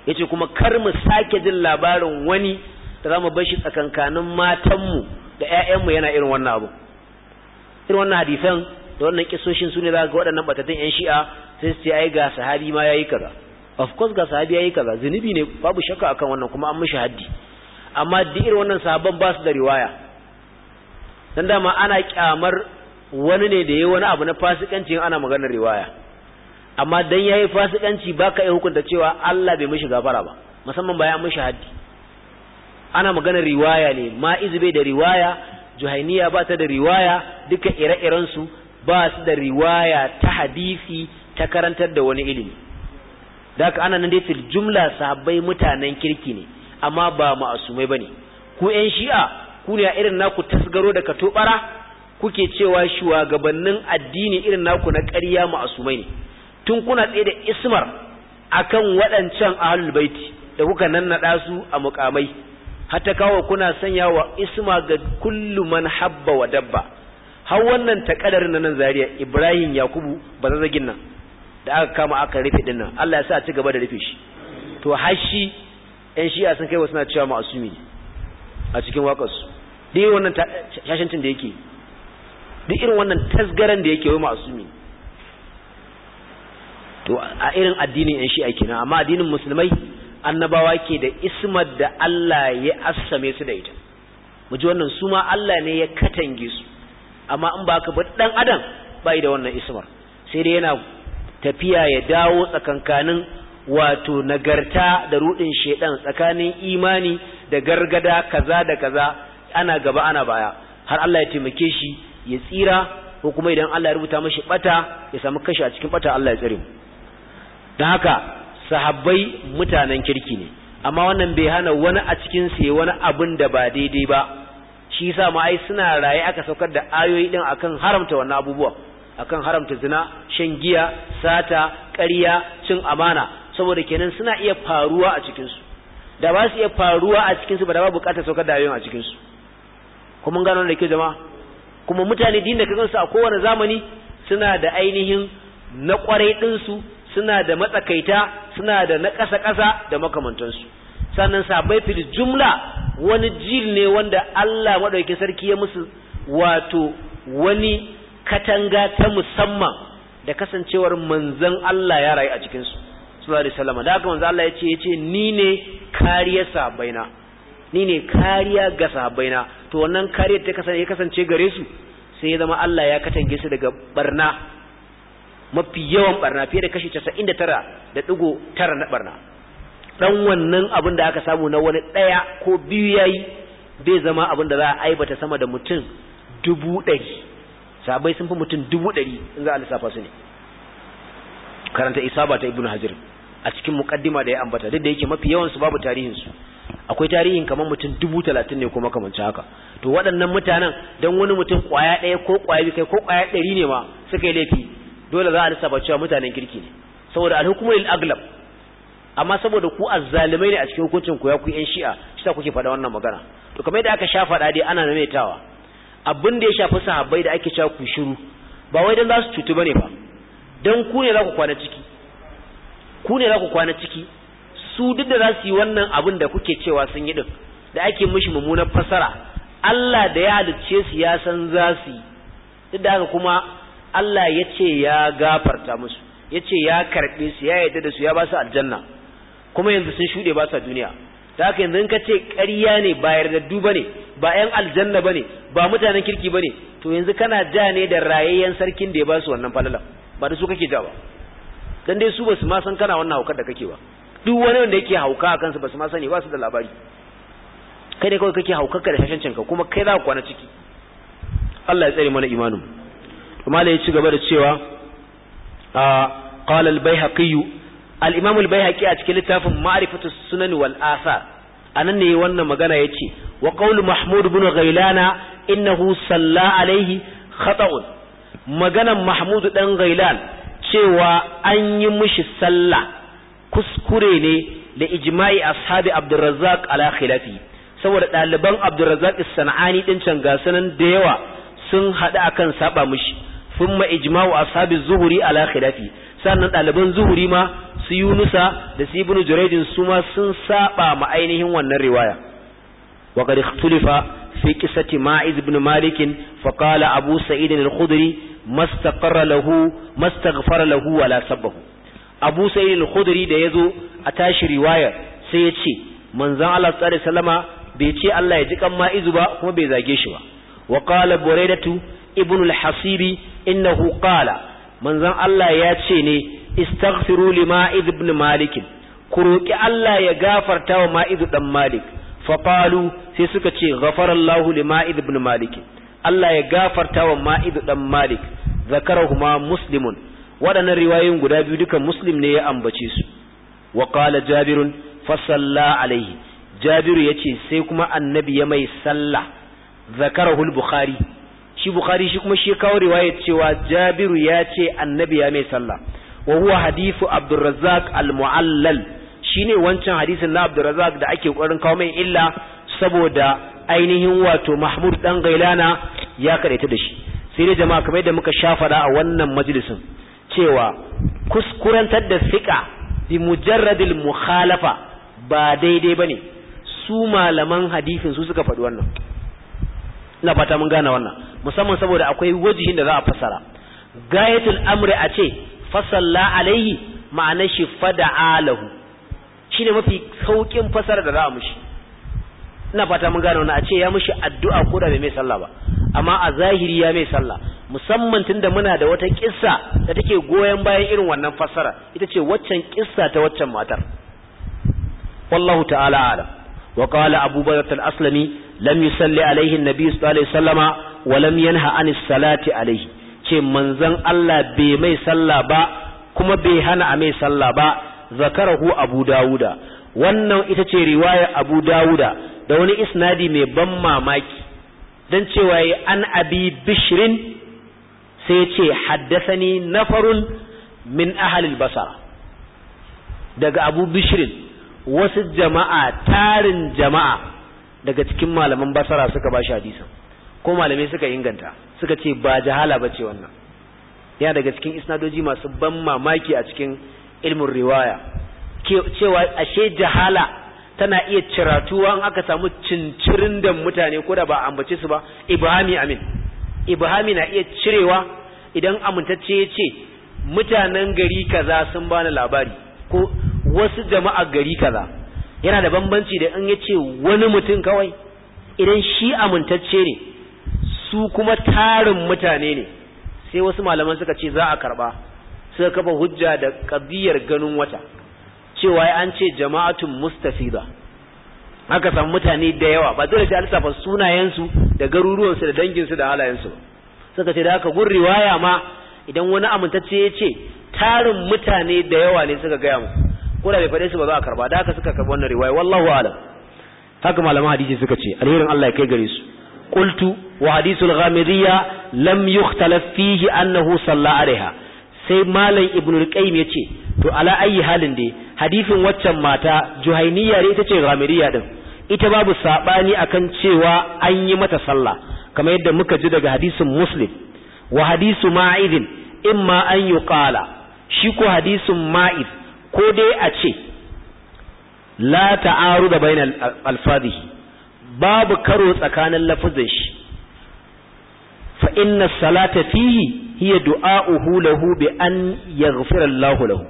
yace kuma kar mu sake jin labarin wani da zamu bar shi tsakankanin matanmu da ƴaƴanmu yana irin wannan abu irin wannan hadisan da wannan kisoshin sune za ga waɗannan batattun ƴan shi'a sai su ce ai ga sahabi ma yayi kaza of course ga sahabi yayi kaza zunubi ne babu shakka akan wannan kuma an mishi haddi amma duk irin wannan sahabban ba su da riwaya dan dama ana kyamar wani ne da yi wani abu na fasikanci ana maganar riwaya amma dan yi fasikanci baka yi hukunta cewa Allah bai mishi gafara ba musamman bayan mishi haddi ana maganar riwaya ne ma bai da riwaya juhainiya ba ta da riwaya duka ire-iren ba su da riwaya ta hadisi ta karantar da wani ilimi da aka ana nan dai fil jumla sahabbai mutanen kirki ne amma ba ma'asumai bane ku yan shi'a ku ne a irin naku tasgaro daga katobara kuke cewa shugabannin addini irin naku na ƙarya ma'asumai ne tun kuna tsaye da ismar akan waɗancan ahlul baiti da kuka nannaɗa su a mukamai ta kawo kuna sanya wa isma ga kullu man habba wa dabba har wannan takadar na nan zariya Ibrahim Yakubu ba zagin nan da aka kama aka rufe din nan Allah ya sa ci gaba da rufe shi to har shi ɗan shi'a sun kai wasu na cewa ma'asumi a cikin waƙarsu dai wannan shashancin da yake duk irin wannan tasgaran da yake wai masumi to a irin addinin yan shi'a kenan amma addinin musulmai annabawa ke da ismar da Allah ya assame su da ita mu ji wannan su ma Allah ne ya katange su amma in ba ka ba dan adam bai da wannan ismar sai dai yana tafiya ya dawo tsakankanin wato nagarta da rudin shedan tsakanin imani da gargada kaza da kaza ana gaba ana baya har Allah ya taimake shi ya tsira ko kuma idan Allah ya rubuta mashi bata ya samu kashi a cikin bata Allah ya tsare mu dan haka sahabbai mutanen kirki ne amma wannan bai hana wani a cikin su wani abin da ba daidai ba shi yasa ma ai suna raye aka saukar da ayoyi din akan haramta wannan abubuwa akan haramta zina shan giya sata ƙarya cin amana saboda kenan suna iya faruwa a cikin su da ba su iya faruwa a cikin su ba da ba bukatar saukar da ayoyin a cikin su kuma gano da ke jama'a kuma mutane din da kagansu a kowane zamani suna da ainihin na kwarai ɗinsu suna da matsakaita suna da na kasa ƙasa da makamantansu sannan sabai fil jumla wani jil ne wanda Allah maɗauki sarki ya musu wato wani katanga ta musamman da kasancewar manzon Allah ya rayu a cikinsu sallallahu alaihi wasallam da haka manzon Allah ya ce ya ce ni ne kariya sabaina ni ne kariya ga sabaina to wannan kariyar ta kasance ya kasance gare su sai ya zama Allah ya katange su daga barna mafi yawan barna fiye da kashi 99 da digo tara na barna dan wannan abin da aka samu na wani daya ko biyu yayi bai zama abin da za a aibata sama da mutum dubu sabai sun fi mutum dubu ɗari in za a lissafa su ne karanta isaba ta ibnu hajar a cikin muqaddima da ya ambata duk da yake mafi yawan su babu tarihin su akwai tarihin kamar mutum dubu talatin ne kuma kamanci haka to waɗannan mutanen don wani mutum ƙwaya ɗaya ko ƙwaya kai ko ƙwaya ɗari ne ma suka yi laifi dole za a lissafa cewa mutanen kirki ne saboda alhukumar aglab amma saboda ku azzalimai ne a cikin hukuncin ku ya ku yan shi'a shi ta kuke faɗa wannan magana to kamar yadda aka sha faɗa dai ana maimaitawa abin da ya shafi sahabbai da ake cewa ku shiru ba wai don za su cutu ne ba don ku ne za ku kwana ciki ku ne za ku kwana ciki su duk da za su yi wannan abin da kuke cewa sun yi din da ake mishi mummunar fasara Allah da ya halicce su ya san za su yi duk da haka kuma Allah ya ce ya gafarta musu ya ce ya karɓe su ya yarda da su ya ba su aljanna kuma yanzu sun shuɗe ba su duniya ta haka yanzu in ka ce ƙarya ne ba yardaddu ba ne ba 'yan aljanna ba ne ba mutanen kirki ba ne to yanzu kana ja ne da rayayyen sarkin da ya ba su wannan falala ba da su kake ja ba dan dai su ba su ma san kana wannan haukar da kake ba duk wani wanda yake hauka a kansu ba su ma sani ba su da labari kai ne kawai kake haukaka da ka kuma kai za ku kwana ciki Allah ya tsare mana imanin kuma da ya ci gaba da cewa a qala al bayhaqi al-imam al bayhaqi a cikin littafin ma'rifatu sunan wal athar anan ne wannan magana yace wa qawlu mahmud ibn ghailana innahu salla alaihi khata'un maganan mahmud dan ghailan cewa an yi mishi sallah kuskure ne da ijma'i ashabi Abdurrazzaq ala khilafi saboda ɗaliban Abdurrazzaq sana'ani din can ga sanan da yawa sun haɗu akan saba mushi thumma ijma'u ashabi zuhuri ala khilafi sannan ɗaliban zuhuri ma su Yunusa da su Ibn Juraydin su ma sun saba ma ainihin wannan riwaya wa qad ikhtulifa fi qissati Ma'iz ibn Malik fa qala Abu Sa'id al-Khudri mastaqarra lahu mastaghfara lahu wa la sabbahu abu sa'id al da da zo a tashi riwaya sai ya ce manzon Allah sallallahu bai ce Allah ya ji kan ma'izu ba kuma bai zage shi ba wa qala buraidatu ibn al-hasibi innahu qala manzon Allah ya ce ne istaghfiru li ma'id ibn malik ku roki Allah ya gafarta wa ma'id dan malik fa qalu sai suka ce ghafarallahu li ma'id ibn malik Allah ya gafarta wa ma'id dan malik zakarahuma muslimun waɗannan riwayoyin guda biyu dukan muslim ne ya ambace su wa qala jabirun fa salla alaihi jabiru yace sai kuma annabi ya mai salla zakarahul bukhari shi bukhari shi kuma shi kawo riwaya cewa jabiru ya ce annabi ya mai salla wa huwa hadithu abdurrazzaq al-mu'allal shine wancan hadisin na abdurrazzaq da ake kokarin kawo mai illa saboda ainihin wato mahmud dan gailana ya kadaita da shi sai dai jama'a kamar yadda muka sha fada a wannan majalisin cewa kuskurantar da fiƙa bi mujarradil mukhalafa ba daidai bane su malaman hadisin su suka faɗi wannan ina fata mun gane wannan musamman saboda akwai wajihin da za a fassara gayatul amri a ce fasalla alaihi ma'anar shi fada alahu shine mafi saukin fasara da za a mushi ina fata mun gane wannan a ce ya mushi addu'a ko da bai mai sallah ba amma a zahiri ya mai sallah musamman tunda muna da wata kissa da take goyen bayan irin wannan fassara ita ce waccan kissa ta waccan matar wallahu ta'ala alam wa qala abu bakr al-aslami lam yusalli alayhi an-nabi sallallahu alaihi wasallama wa lam yanha as salati alayhi ce manzon Allah bai mai sallah ba kuma bai hana a mai sallah ba zakarahu abu dauda wannan ita ce riwayar abu dawuda da wani isnadi mai ban mamaki dan cewa yi an abi bishirin sai ya ce na nafarun min ahalil basara daga abu bishirin wasu jama'a tarin jama'a daga cikin malaman basara suka ba shi hadisan ko malamai suka inganta suka ce ba jahala ba ce wannan yana daga cikin isnadoji masu ban mamaki a cikin ilmin riwaya cewa ashe jahala tana iya ciratuwa in aka samu cincirin da mutane ko da ba ambace su ba Ibrahim amin Ibrahim na iya cirewa idan amintacce ya ce mutanen gari kaza sun bani labari ko wasu jama'a gari kaza yana da bambanci da in ya ce wani mutum kawai idan shi amintacce ne su kuma tarin mutane ne sai wasu malaman suka ce za a karba suka kafa hujja da kabiyar ganin wata cewa ya an ce jama'atun mustafida aka samu mutane da yawa ba dole sai an lissafa sunayensu da garuruwansu da danginsu da halayensu ba suka ce da aka gun riwaya ma idan wani amintacce ya ce tarin mutane da yawa ne suka gaya mu ko da bai faɗe su ba za a karba da haka suka karba wannan riwaya wallahu alam haka malaman hadisi suka ce alherin Allah ya kai gare su qultu wa hadithul ghamidiyya lam yukhtalaf fihi annahu salla alaiha sai malam ibnu qayyim yace to ala ayi halin dai hadisin waccan mata juhainiya ne ita ce din ita babu sabani akan cewa an yi mata sallah kamar yadda muka ji daga hadisin muslim wa hadisu ma'id imma an yuqala shi ko hadisin ma'id ko dai a ce la ta'aruda bainal alfadhi babu karo tsakanin lafazin shi fa inna salata fihi hiya du'a'uhu lahu bi an yaghfira Allah lahu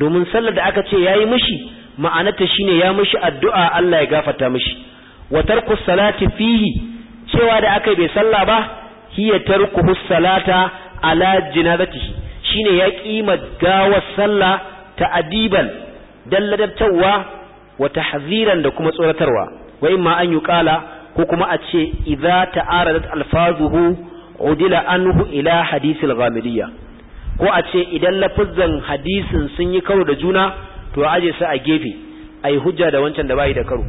domin sallar da aka ce yayi mishi ma'anarta shine ya mishi addu'a Allah ya gafarta mishi wa tarku salati fihi cewa da aka yi bai sallah ba hiya tarkuhu salata ala janazatihi shine ya kima gawar sallah ta adiban dalladatawa wa tahziran da kuma tsoratarwa wa imma an yuqala ko kuma a ce idza ta'aradat alfazuhu udila anhu ila hadisil ghamidiyya ko a ce idan lafazzan hadisin sun yi karo da juna to aje su a gefe ai hujja da wancan da bai da karo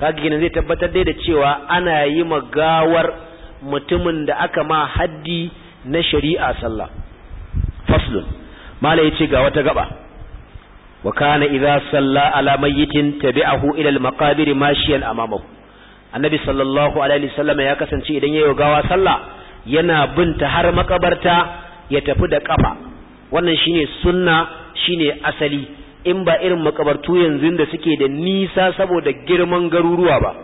kaga ginin zai tabbatar dai da cewa ana yi magawar mutumin da aka ma haddi na shari'a sallah faslun mala yace ga wata gaba wa kana idza salla ala mayyitin tabi'ahu ila al-maqabir mashiyan amamahu annabi sallallahu alaihi wasallam ya kasance idan yayi gawa sallah yana binta har makabarta ya tafi da ƙafa wannan shine sunna shine asali in ba irin makabartu yanzu da suke da nisa saboda girman garuruwa ba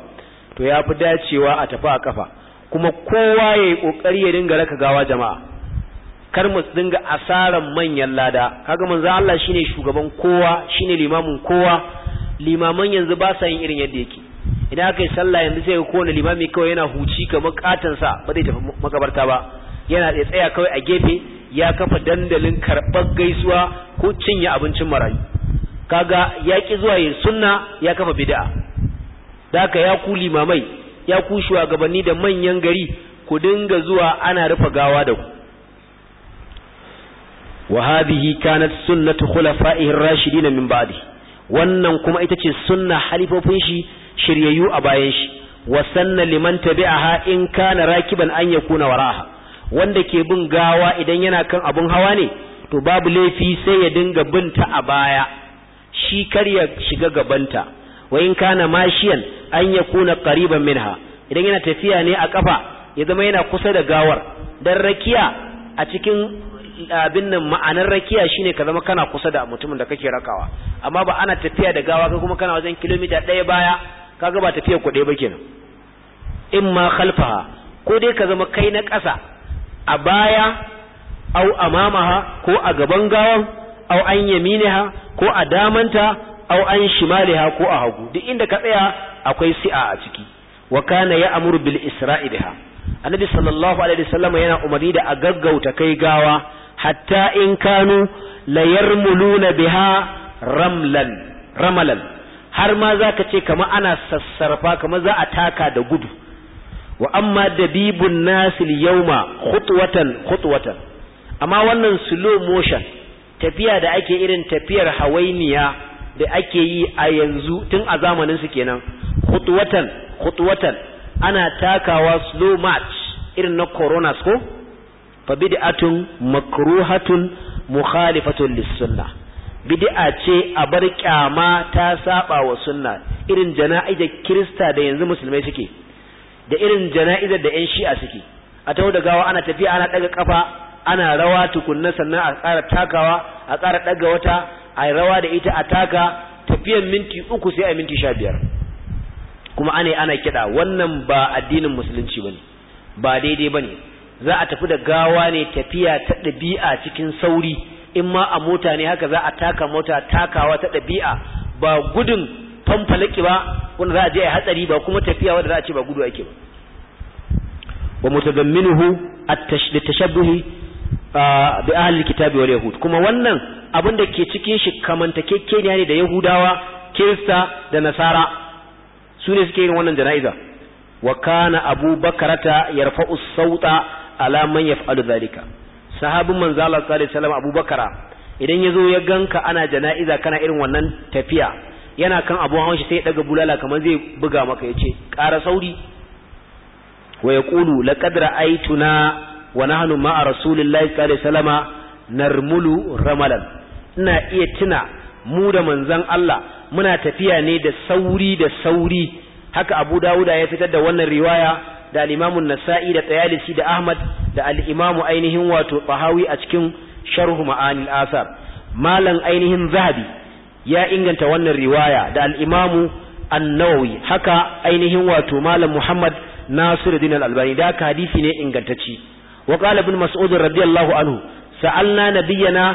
to ya fi dacewa a tafi a kafa kuma kowa ya yi ƙoƙari ya dinga raka gawa jama'a kar mu dinga asaran manyan lada kaga manzo Allah shine shugaban kowa shine limamin kowa limaman yanzu ba sa yin irin yadda yake idan aka yi sallah yanzu sai ko wani limami kawai yana huci kamar katan sa ba zai tafi makabarta ba yana da tsaya kawai a gefe ya kafa dandalin karɓar gaisuwa ko cinye abincin marayu kaga ya ki zuwa yin sunna ya kafa bid'a da haka ya ku limamai ya ku shugabanni da manyan gari ku dinga zuwa ana rufe gawa da ku wa hadhihi kanat sunnatu khulafa'ir rashidin min ba'di wannan kuma ita ce sunna halifofin shi shiryayyu a bayan shi wasanna liman tabi'aha in kana rakiban an yakuna waraha wanda ke bin gawa idan yana kan abun hawa ne to babu laifi sai ya dinga binta a baya shi kar ya shiga gabanta wa in kana mashiyan an yakuna qariban minha idan yana tafiya ne a kafa ya zama yana kusa da gawar dan rakiya a cikin abin nan ma'anar rakiya shine ka zama kana kusa da mutumin da kake rakawa amma ba ana tafiya da gawa kai kuma kana wajen kilomita ɗaya baya kaga ba tafiyar ku ba kenan in ma khalfaha ko dai ka zama kai na ƙasa a baya au amamaha ko a gaban gawan au an yaminaha ko a damanta au an shimaliha ko a hagu duk inda ka tsaya akwai si'a a ciki wa kana amuru bil isra'i biha annabi sallallahu alaihi wasallam yana umarni da a gaggauta kai gawa hatta in kanu la yarmuluna biha ramlan ramalan har ma za ka ce kama ana sassarfa kama za a taka da gudu wa amma dabibun nasil yauma khutwatan khutwatan amma wannan slow motion tafiya da ake irin tafiyar hawainiya da ake yi a yanzu tun a zamanin su kenan khutwatan khutwatan ana takawa slow march irin na corona ko fa bid'atun makruhatun mukhalifatun lis sunnah bid'a ce a bar kyama ta saba wa sunna irin jana'izar kirista da yanzu musulmai suke da irin jana'izar da yan shi'a suke a taho da gawa ana tafiya ana daga kafa ana rawa tukunna sannan a ƙara takawa a ƙara daga wata a rawa da ita a taka tafiyan minti uku sai a minti sha biyar kuma ana ana kiɗa wannan ba addinin musulunci bane ba daidai bane za a tafi da gawa ne tafiya ta ɗabi'a cikin sauri in ma a mota ne haka za a taka mota takawa ta ɗabi'a ba gudun fanfalaki ba wanda za a je a hatsari ba kuma tafiya wanda za a ce ba gudu ake ba wa mutazamminuhu at-tashabbuhi bi ahli kitabi wal yahud kuma wannan abin da ke cikin shi kamantakekke ne da yahudawa kirista da nasara su ne suke yin wannan jana'iza wa kana ta yarfa'u sauta ala man yaf'alu dhalika sahabin manzo Allah sallallahu alaihi wasallam Abubakar idan yazo ya ganka ana jana'iza kana irin wannan tafiya yana kan abu hawan shi sai ya daga bulala kamar zai buga maka ya ce. ƙara sauri wa yaqulu laqad ra'aytuna wa nahnu ma'a rasulillahi sallallahu alaihi wasallama narmulu ramalan ina iya tuna mu da manzon Allah muna tafiya ne da sauri da sauri haka Abu Dawuda ya fitar da wannan riwaya da al nasai da Tsayalisi da Ahmad da al ainihin wato Tahawi a cikin sharhu Ma'anil Asar malan ainihin Zahabi ya inganta wannan riwaya da al'imamu imam an haka ainihin wato malam Muhammad nasiru Al-Albani da haka hadisi ne ingantacci wa qala Mas'udin Mas'ud radiyallahu anhu sa'alna nabiyyana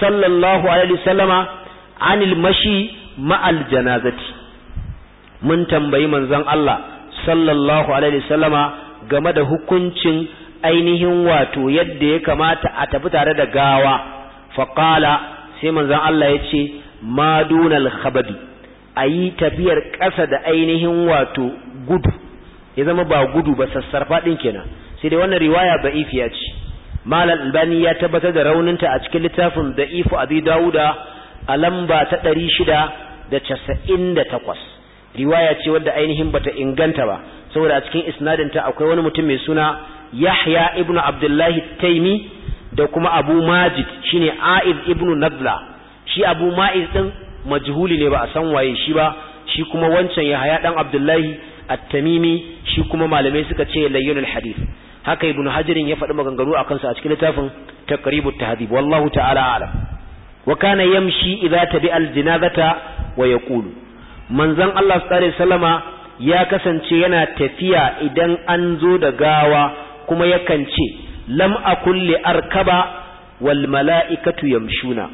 sallallahu alaihi wasallama anil mashi ma'al janazati mun tambayi manzon Allah sallallahu alaihi wasallama game da hukuncin ainihin wato yadda ya kamata a tafi tare da gawa faƙala sai manzan Allah ya ce ma dunal a ayi tafiyar ƙasa da ainihin wato gudu ya zama ba gudu ba sassarfa ɗin kenan sai dai wannan riwaya ya ce malal albani ya tabbatar da rauninta a cikin littafin da'ifu abi dauda a lamba ta ɗari da da casa'in takwas. riwaya ce wadda ainihin bata inganta ba saboda a cikin isnadinta akwai wani mutum mai suna Yahya ibn Abdullahi Taimi da kuma Abu Majid shine aiz ibn Nadla shi Abu maiz din majhuli ne ba a san waye shi ba shi kuma wancan Yahya dan Abdullahi At-Tamimi shi kuma malamai suka ce layyunul hadith haka ibn Hajarin ya faɗi maganganu akan sa a cikin littafin Taqribut Tahdhib wallahu ta'ala a'lam wa kana yamshi idza tabi'al janazata wa yaqulu Manzan Allah tsare Salama ya kasance yana tafiya idan an zo da gawa kuma yakan ce lam a kulle arkaba wal mala'ikatu yamshuna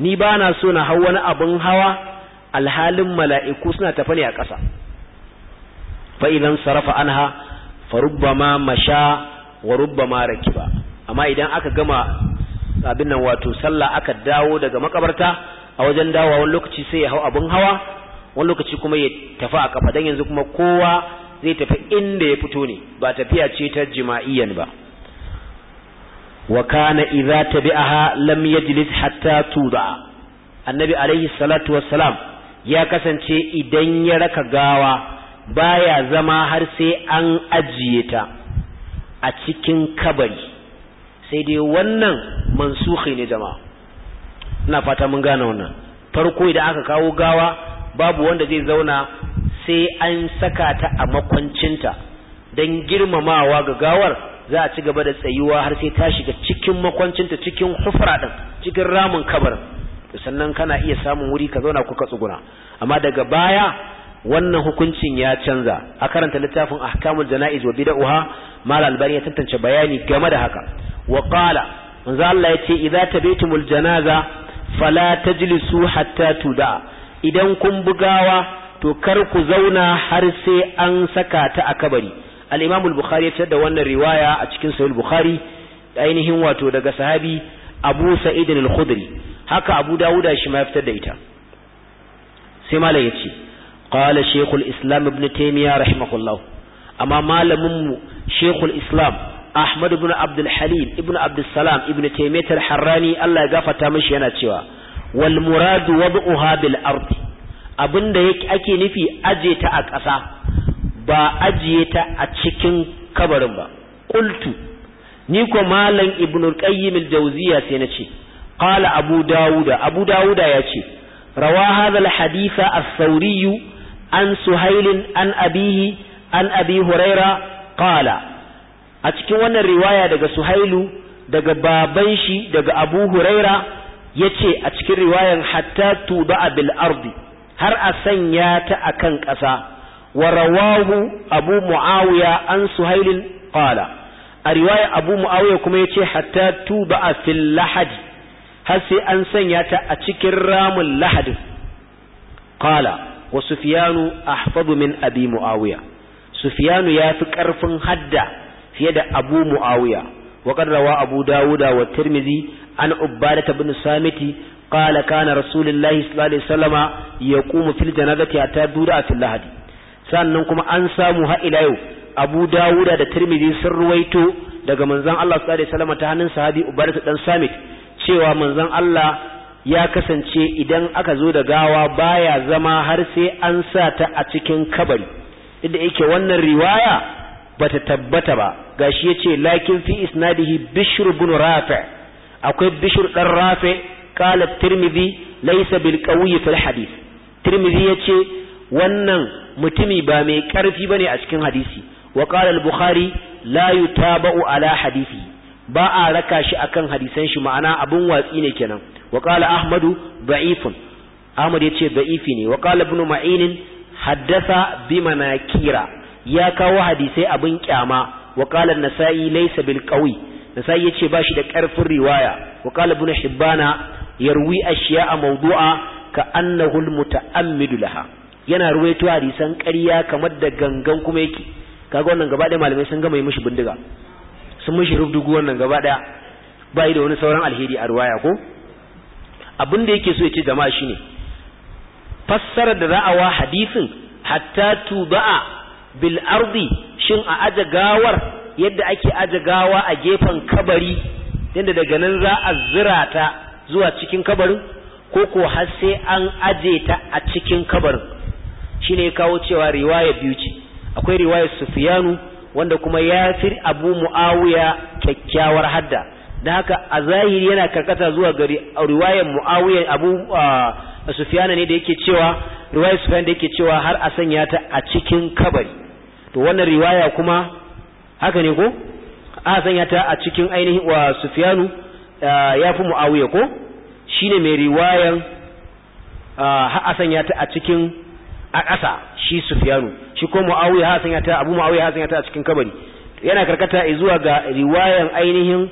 ni ba na so na hau wani abin hawa alhalin mala'iku suna tafi ne a ƙasa fa sarrafa an ha fa ma masha wa ma raki ba amma idan aka gama abin nan wato sallah aka dawo daga makabarta a wajen dawowa wani lokaci sai ya hau abin hawa wani lokaci kuma ya tafi a kafa dan yanzu kuma kowa zai tafi inda ya fito ne ba tafiya ce ta jima'iyyan ba wa kana idza tabi'aha lam yajlis hatta tuda annabi alaihi salatu wassalam ya kasance idan ya raka gawa baya zama har sai an ajiye ta a cikin kabari sai dai wannan mansuhi ne jama'a ina fata mun gane wannan farko idan aka kawo gawa babu wanda zai zauna sai an saka ta a makwancinta don girmamawa ga gawar za a ci gaba da tsayuwa har sai ta shiga cikin makwancinta cikin hufra ɗin cikin ramin kabar sannan kana iya samun wuri ka zauna kuka tsuguna amma daga baya wannan hukuncin ya canza a karanta littafin ahkamul janaiz wa bid'uha mal albani ya tantance bayani game da haka wa qala manzo Allah yace idza tabitumul janaza fala tajlisu hatta tuda idan kun bugawa to kar ku zauna har sai an saka ta a kabari al al-Bukhari ya da wannan riwaya a cikin Sahih al-Bukhari ainihin wato daga sahabi Abu Sa'id al-Khudri haka Abu dawuda shi ma ya fitar da ita sai malam yace qala shekul islam ibn taymiyyah rahimahullah amma malamin mu islam ahmad ibn abdul al-halim ibn abd salam ibn taymiyyah harrani Allah ya gafata mashi yana cewa Walmuradu muradu wad'uha bil ardi abinda ake nufi ajiyeta a ƙasa ba ajiye ta a cikin kabarin ba qultu ni ko malam ibnu qayyim al jawziya sai na ce qala abu dawuda abu dawuda ya ce rawa hadha al haditha as-sauri an suhail an abihi an abi huraira qala a cikin wannan riwaya daga suhailu daga baban shi daga abu huraira yace a cikin riwayan hatta tuba bil ardi har a sanya ta akan ƙasa wa rawahu abu muawiya an suhailin qala a riwaya abu muawiya kuma yace hatta tuba fil lahad har sai an sanya ta a cikin ramin lahad qala wa sufyanu ahfadu min abi muawiya sufyanu yafi karfin hadda fiye da abu muawiya وقد روى أبو داود والترمذي عن عبادة بن الصامت قال كان رسول الله صلى الله عليه وسلم يقوم في الجنازة حتى دورة في اللهدي sannan kuma an samu ha ila Abu Dawuda da Tirmidhi sun ruwaito daga manzon Allah sallallahu alaihi wasallam ta hannun sahabi Ubadah dan Samit cewa manzon Allah ya kasance idan aka zo da gawa baya zama har sai an sa ta a cikin kabari inda yake wannan riwaya bata tabbata ba gashi yace lakin fi isnadihi bishr ibn rafi' akwai bishr dan rafi' qala tirmidhi laysa bil qawi fil hadith tirmidhi yace wannan mutumi ba mai karfi bane a cikin hadisi wa qala al bukhari la yutaba'u ala hadisi ba a raka shi akan hadisan shi ma'ana abun watsi ne kenan wa qala ahmadu da'ifun ahmad yace da'ifi ne wa qala ibn ma'in haddasa bi manakira ya kawo hadisai abin kyama wa qala an-nasa'i laysa bil qawi nasa'i yace ba shi da karfin riwaya wa qala ibn hibbana yarwi ashiya'a mawdu'a ka annahu al-muta'ammidu laha yana ruwaito hadisan ƙarya kamar da gangan kuma yake kaga wannan gaba ɗaya malamai sun gama yi mishi bindiga sun mishi rubdugu wannan gaba ɗaya ba yi da wani sauran alheri a ruwaya ko abin da yake so ya ce jama'a shine fassarar da za a wa hadisin hatta tuba'a bil ardi shin a aje gawar yadda ake aje gawa a gefen kabari yadda daga nan za a zira ta zuwa cikin kabarin ko ko har sai an aje ta a cikin kabarin shine kawo cewa riwaya biyu ce akwai riwaya sufyanu wanda kuma ya fi abu muawiya kyakkyawar hadda da haka a zahiri yana karkata zuwa gari riwayar muawiya abu ah, sufiyana ne da yake cewa riwaya sufiyana da yake cewa har a sanya ta a cikin kabari to wannan riwaya kuma haka ne ko a sanya ta a cikin ainihin wa sufiyanu ya fi mu'awiya ko shine mai riwayan har a sanya ta a cikin a ƙasa shi sufiyanu shi ko mu'awiya har a sanya ta abu mu'awiya har a sanya ta a cikin kabari yana karkata zuwa ga riwayan ainihin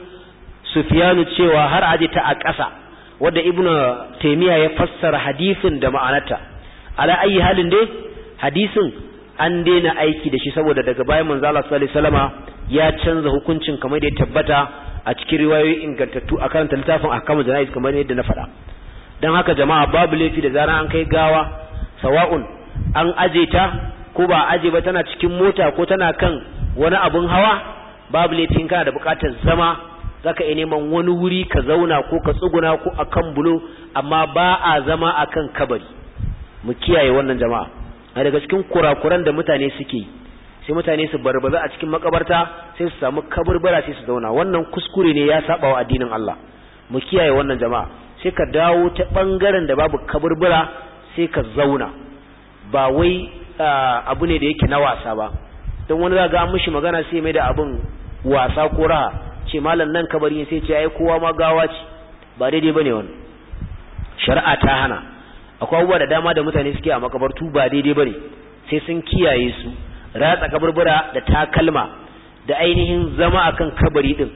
sufiyanu cewa har aje ta a ƙasa wadda ibnu taymiya ya fassara hadisin da ma'anarta ala ayi halin dai hadisin an daina aiki da shi saboda daga bayan manzo Allah sallallahu alaihi wasallama ya canza hukuncin kamar da ya tabbata a cikin riwayoyi ingantattu a karanta littafin ahkamul janaiz kamar yadda na faɗa dan haka jama'a babu laifi da zaran an kai gawa sawa'un an aje ta ko ba aje ba tana cikin mota ko tana kan wani abun hawa babu laifin kana da bukatar zama zaka yi neman wani wuri ka zauna ko ka tsuguna ko akan bulo amma ba a zama akan kabari mu kiyaye wannan jama'a a daga cikin kurakuran da mutane suke sai mutane su barbaza a cikin makabarta sai su samu kaburbara sai su zauna wannan kuskure ne ya saba wa addinin Allah mu kiyaye wannan jama'a sai ka dawo ta bangaren da babu kaburbara sai ka zauna ba wai abu ne da yake na wasa ba don wani za ga mishi magana sai mai da abin wasa ko raha ce malam nan kabari sai ce ai kowa ma gawa ce ba daidai bane wannan shari'a ta hana akwai abubuwa da dama da mutane suke a makabartu ba daidai bane sai sun kiyaye su ratsa kaburbura da takalma da ainihin zama akan kabari din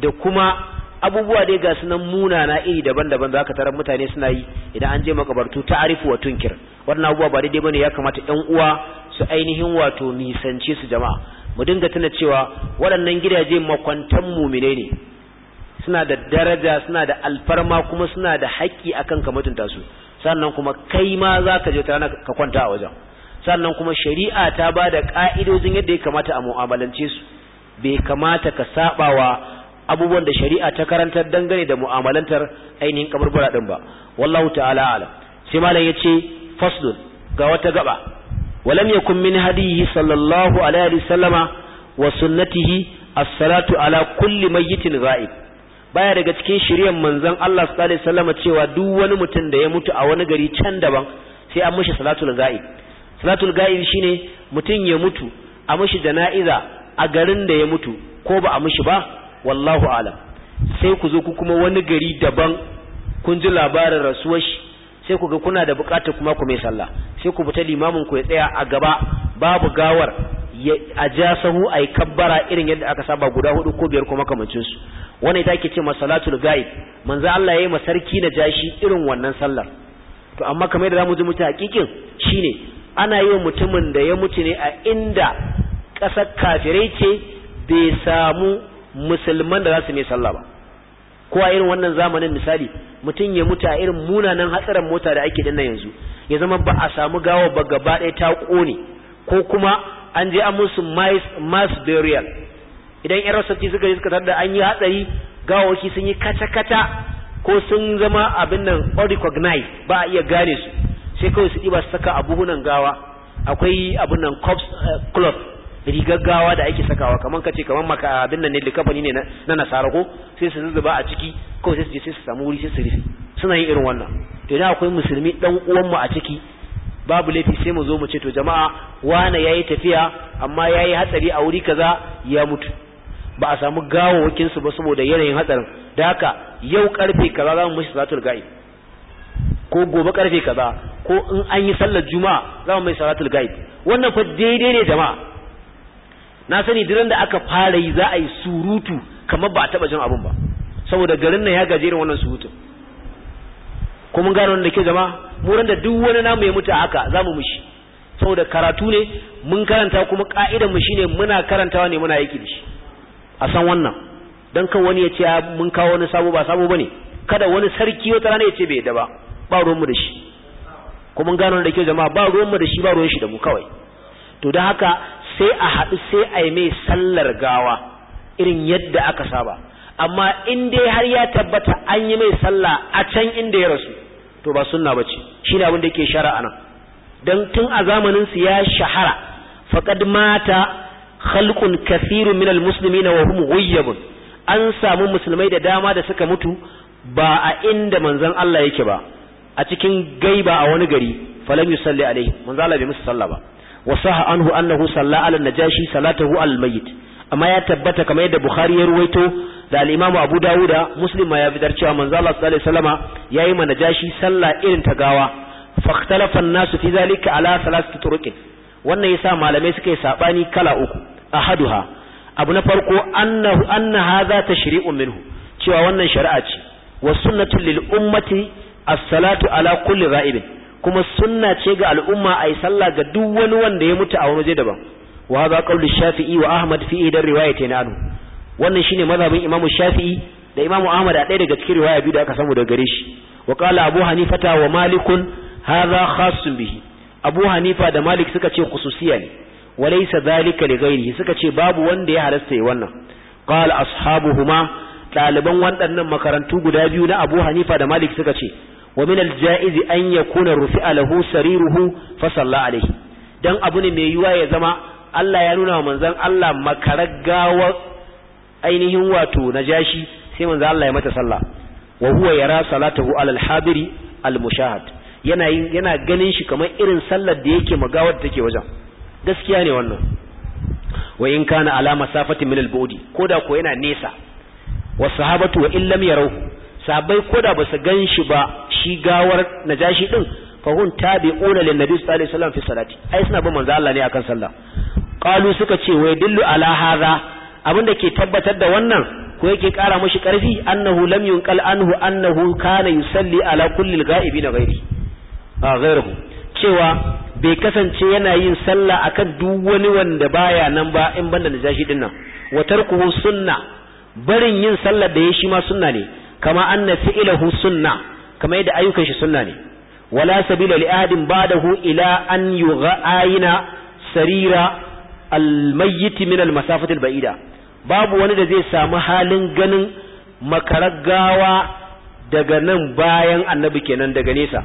da kuma abubuwa dai ga sunan munana iri daban-daban zaka tarar mutane suna yi idan an je makabartu arifu wa tunkir wannan abubuwa ba daidai bane ya kamata ƴan uwa su ainihin wato nisance su jama'a mu dinga tuna cewa waɗannan gidaje makwantan mumine ne suna da daraja suna da alfarma kuma suna da haƙƙi akan ka mutunta su sannan kuma kai ma za ka je tana ka kwanta a wajen sannan kuma shari'a ta ba da ƙa'idojin yadda ya kamata a mu'amalance su bai kamata ka wa abubuwan da shari'a ta karantar dangane da mu'amalantar ainihin kaburbura din ba wallahu ta'ala alam sai malam ya ce fasdun ga wata gaba ولم يكن من هديه صلى الله عليه وسلم وسنته الصلاة على كل ميت غائب baya daga cikin shirye manzon Allah sallallahu alaihi wasallam cewa duk wani mutum da ya mutu a wani gari can daban sai an mishi salatul ghaib salatul ghaib shine mutum ya mutu a mishi jana'iza a garin da ya mutu ko ba a mishi ba wallahu alam sai ku zo ku kuma wani gari daban kun ji labarin rasuwar shi sai ku ga kuna da bukatar kuma ku mai sallah sai ku fita limamin ku ya tsaya a gaba babu gawar a ja sahu a yi kabbara irin yadda aka saba guda hudu ko biyar ko makamancin su wannan ita ake ce masalatul gaib manzo Allah yayi masarki na jashi irin wannan sallar to amma kamar yadda zamu ji mutu hakikin ne ana yi mutumin da ya mutu ne a inda ƙasar kafirai ce bai samu musulman da za su mai sallah ba ko a irin wannan zamanin misali mutum ya mutu a irin munanan hatsarin mota da ake dinna yanzu ya zama ba a samu gawa ba gaba ɗaya ta ƙone ko kuma an je an musu mass burial idan yan rasarci suka yi suka tarda an yi hatsari gawawaki sun yi kata-kata ko sun zama abin nan unrecognized ba a iya gane su sai kawai su ɗiba su saka a buhunan gawa akwai abin nan eh, cloth rigar gawa da ake sakawa kamar kace kamar maka abin nan ne likafani ne na nasara ko sai su zuba a ciki kawai sai su je sai su samu wuri sai su rufe suna yin irin wannan to idan akwai musulmi dan uwanmu a ciki babu laifi sai mu zo mu ce to jama'a wane yayi tafiya amma yayi hatsari a wuri kaza ya mutu ba a samu gawawakin su ba saboda yanayin hatsarin da haka yau karfe kaza za mu mishi salatul ga'ib ko gobe karfe kaza ko in an yi sallar juma'a za mu mai salatul ga'ib wannan fa daidai ne jama'a na sani nan da aka fara yi za a yi surutu kamar ba a taba jin abin ba saboda garin nan ya gaje irin wannan surutun ko mun gano da ke zama mu da duk wani namu ya mutu haka za mu mushi saboda karatu ne mun karanta kuma ka'idar mu shine muna karantawa ne muna aiki da a san wannan dan kan wani ya ce ah, mun kawo wani sabo ba sabo bane kada wani sarki wata rana ya ce bai da ba ba ruwan mu da shi ko mun gano da ke jama'a ba ruwan mu da shi ba ruwan shi da mu kawai to dan haka sai a haɗu sai a yi mai sallar gawa irin yadda aka saba amma in dai har ya tabbata an yi mai sallah a can inda ya rasu to ba sunna shi ne abin da ke shara nan. Don tun a zamanin su ya shahara faƙad mata khalqun kafirin min musulmi wa hum ghayyabun an samu musulmai da dama da suka mutu ba a inda manzon Allah yake ba a cikin gaiba a wani gari falam a alaihi manzon Allah bai musu sallah ba wa saha anhu annahu salla ala najashi salatahu al mayyit amma ya tabbata kamar yadda bukhari ya ruwaito da al abu dawuda muslim ma ya bidar cewa manzo Allah sallallahu alaihi wasallama ma najashi sallah irin ta gawa fakhtalafa an-nasu fi zalika ala thalathati turuqin wannan yasa malamai suka yi sabani kala uku ahaduha abu na farko annahu anna hadha tashri'un minhu cewa wannan shari'a ce wa sunnatul lil ummati as-salatu ala kulli ra'ibin kuma sunna ce ga al'umma a yi sallah ga duk wani wanda ya mutu a wani waje daban wa za qawlu shafi'i wa ahmad fi idan riwayatayn anhu wannan shine mazhabin imamu shafi'i da imamu ahmad a ɗaya daga cikin riwaya biyu da aka samu daga gare shi wa qala abu ta wa malikun hadha khassun bihi abu hanifa da malik suka ce khususiya ne wa laysa dhalika li ghairihi suka ce babu wanda ya halasta yi wannan qala ashabuhuma ɗaliban waɗannan makarantu guda biyu na abu hanifa da malik suka ce wa min ja'izi jaiz an yakuna rufi'a lahu sariruhu fa salla dan abu ne mai yuwa ya zama Allah ya nuna wa manzon Allah makaraggawa ainihin wato najashi sai manzon ya mata sallah wa yara salatahu ala al-habiri yana ganin shi kamar irin sallar da yake magawar da take wajen gaskiya ne wannan wa in kana ala masafati min al-budi koda ko yana nesa wa sahabatu wa illam yarahu sahabbai koda basu gan shi ba shi gawar najashi din fa hun tabi'una lin nabi sallallahu alaihi wasallam fi salati ai suna bin manzo Allah ne akan sallah qalu suka ce wai dillu ala hadha abinda ke tabbatar da wannan ko yake kara mashi karfi annahu lam yunqal anhu annahu kana yusalli ala kulli al-gha'ibi na ghairi a ghairuhu cewa bai kasance yana yin sallah akan duk wani wanda baya nan ba in banda najashi din nan wa tarkuhu sunna barin yin sallar da ya shi ma sunna ne kama anna fi'luhu sunna kamar yadda ayyukan shi sunna ne wala sabila li ahadin ba'dahu ila an yughayina sarira almayyit min almasafati alba'ida babu wani da zai samu halin ganin makaragawa daga nan bayan annabi kenan daga nesa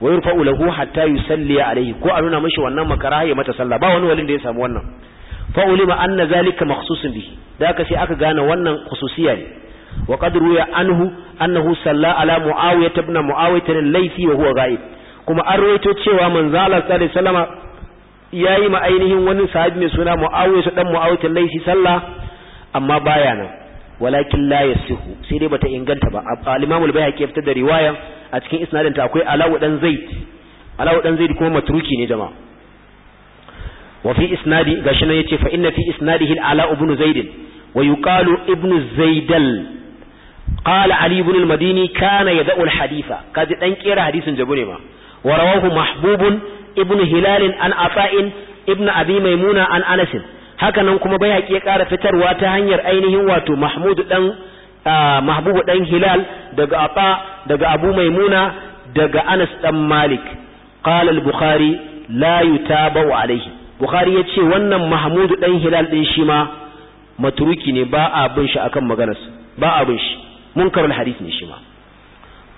wa yurfa'u lahu hatta yusalli alayhi ko a nuna mishi wannan makara ya mata sallah ba wani walin da ya samu wannan fa ulima anna zalika makhsusun bihi da aka sai aka gane wannan khususiya ne wa qad ruya anhu annahu salla ala muawiyah ibn muawiyah al-laythi wa huwa ghaib kuma an rawaito cewa manzo Allah sallallahu alaihi wasallama yayi ma ainihin wani sahabi mai suna muawiyah dan muawiyah al-laythi sallah amma baya nan walakin la yasihu sai dai bata inganta ba al-imam al-bayhaqi fitar da riwaya a cikin isnadin ta akwai alawu dan zaid alawu dan zaid kuma matruki ne jama'a wa fi isnadi gashi nan yace fa inna fi isnadihi al-ala ibn zaid wa zaidal قال علي بن المديني كان يدعو الحديث كذا kera كيرا حديث جبني ما ورواه محبوب ابن هلال عن عطاء ابن ابي ميمونه عن انس haka nan kuma baya ya kara fitarwa ta hanyar ainihin wato mahmud dan mahbubu dan hilal daga aba daga abu maimuna daga anas dan malik qala al-bukhari la yutabu alayhi bukhari ce wannan Mahmudu dan hilal din shi ma matruki ne ba a bin shi akan maganarsa ba a bin shi munkarul hadith ne shi ma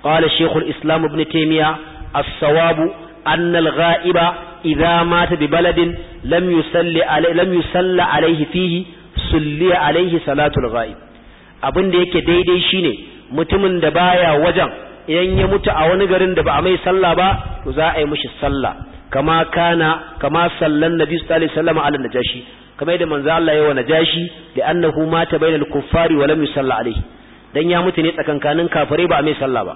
qala shaykhul islam ibn taymiya as-sawabu anna al-ghaiba idza mata bi baladin lam yusalli alayhi lam yusalla alayhi fihi sulli alayhi salatul ghaib abin da yake daidai shine mutumin da baya wajen idan ya mutu a wani garin da ba a mai sallah ba to za a yi mishi sallah kama kana kama sallan nabi sallallahu alaihi wasallam ala najashi kamar yadda manzo Allah yawa najashi da annahu mata bainal kuffari wa lam yusalla alaihi dan ya mutu ne tsakankanin kafirai ba a mai sallah ba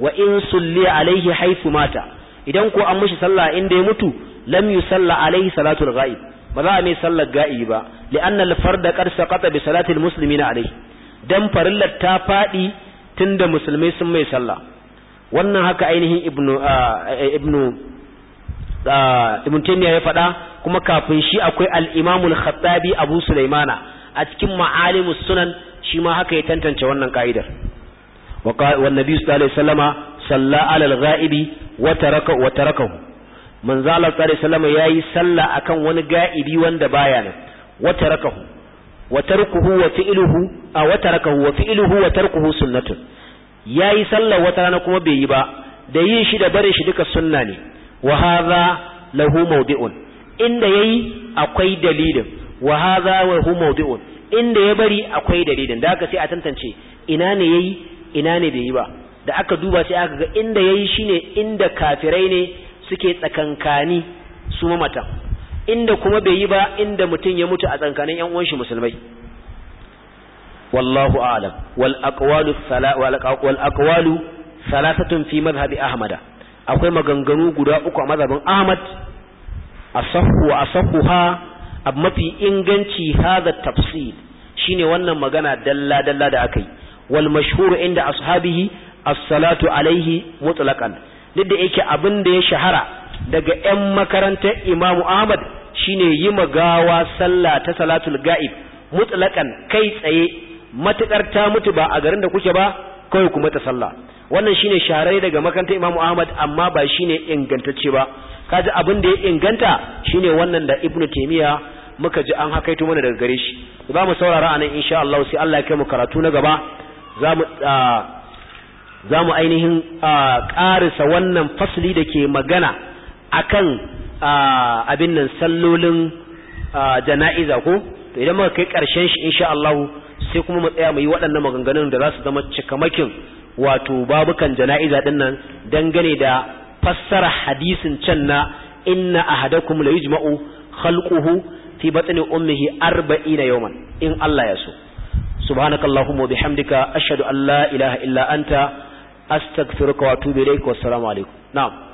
wa in sulli alaihi haifu mata idan ko an mishi sallah inda ya mutu lam yusalla alaihi salatul ghaib ba za a mai sallar ga'i ba li'anna al-farda qad saqata bi salatil muslimina alaihi dan farillar ta fadi tunda musulmai sun mai sallah wannan haka ainihin ibnu ibnu ibn taymiya ya faɗa kuma kafin shi akwai al-imamul khattabi abu sulaimana a cikin ma'alimus sunan shi ma haka ya tantance wannan ka'idar wa annabi sallallahu alaihi wasallama salla alal al-ghaibi wa taraka wa tarakahu manzo Allah sallallahu alaihi wasallama yayi salla akan wani ga'ibi wanda baya nan wa tarakahu wa tarkuhu wa fi'luhu a wa tarakahu wa fi'luhu wa tarkuhu sunnatun yayi sallar wata rana kuma bai yi ba da yin shi da barin shi duka sunna ne wa hadha lahu mawdi'un inda yayi akwai dalilin wa hadha wa hu mawdi'un inda ya bari akwai dalilin da aka sai a tantance ina ne yayi ina ne bai yi ba da aka duba sai aka ga inda yayi shine inda kafirai ne suke tsakankani su mamata inda kuma bai yi ba inda mutum ya mutu a tsankanin yan uwan shi musulmai wallahu a'lam wal aqwalu wal aqwalu thalathatun fi madhhabi ahmad akwai maganganu guda uku a madhabin ahmad asahhu wa asahhuha abu mafi inganci hadha tafsir shine wannan magana dalla dalla da akai wal mashhur inda ashabihi as-salatu alaihi mutlaqan duk da yake abin da ya shahara daga 'yan makarantar Imam Ahmad shine yi magawa sallah ta salatul ga'ib mutlaqan kai tsaye matukar ta mutu ba a garin da kuke ba kawai kuma ta sallah wannan shine sharai daga makarantar Imam Ahmad amma ba shine ingantacce ba kaji abin da ya inganta shine wannan da Ibn Taymiyyah muka ji an hakaito mana daga gare shi za mu saurara anan insha Allah sai Allah ya kai mu karatu na gaba za mu za mu ainihin ƙarisa wannan fasli da ke magana akan abin nan sallolin jana'iza ko to idan muka kai ƙarshen shi insha Allah sai kuma mu tsaya mu yi waɗannan maganganun da za su zama cikamakin wato babukan jana'iza din nan dangane da fassara hadisin can na inna ahadakum la yujma'u khalquhu fi batni ummihi 40 yawman in Allah ya so subhanakallahumma wa bihamdika ashhadu an la ilaha illa anta astaghfiruka wa atubu ilaik wa assalamu alaikum na'am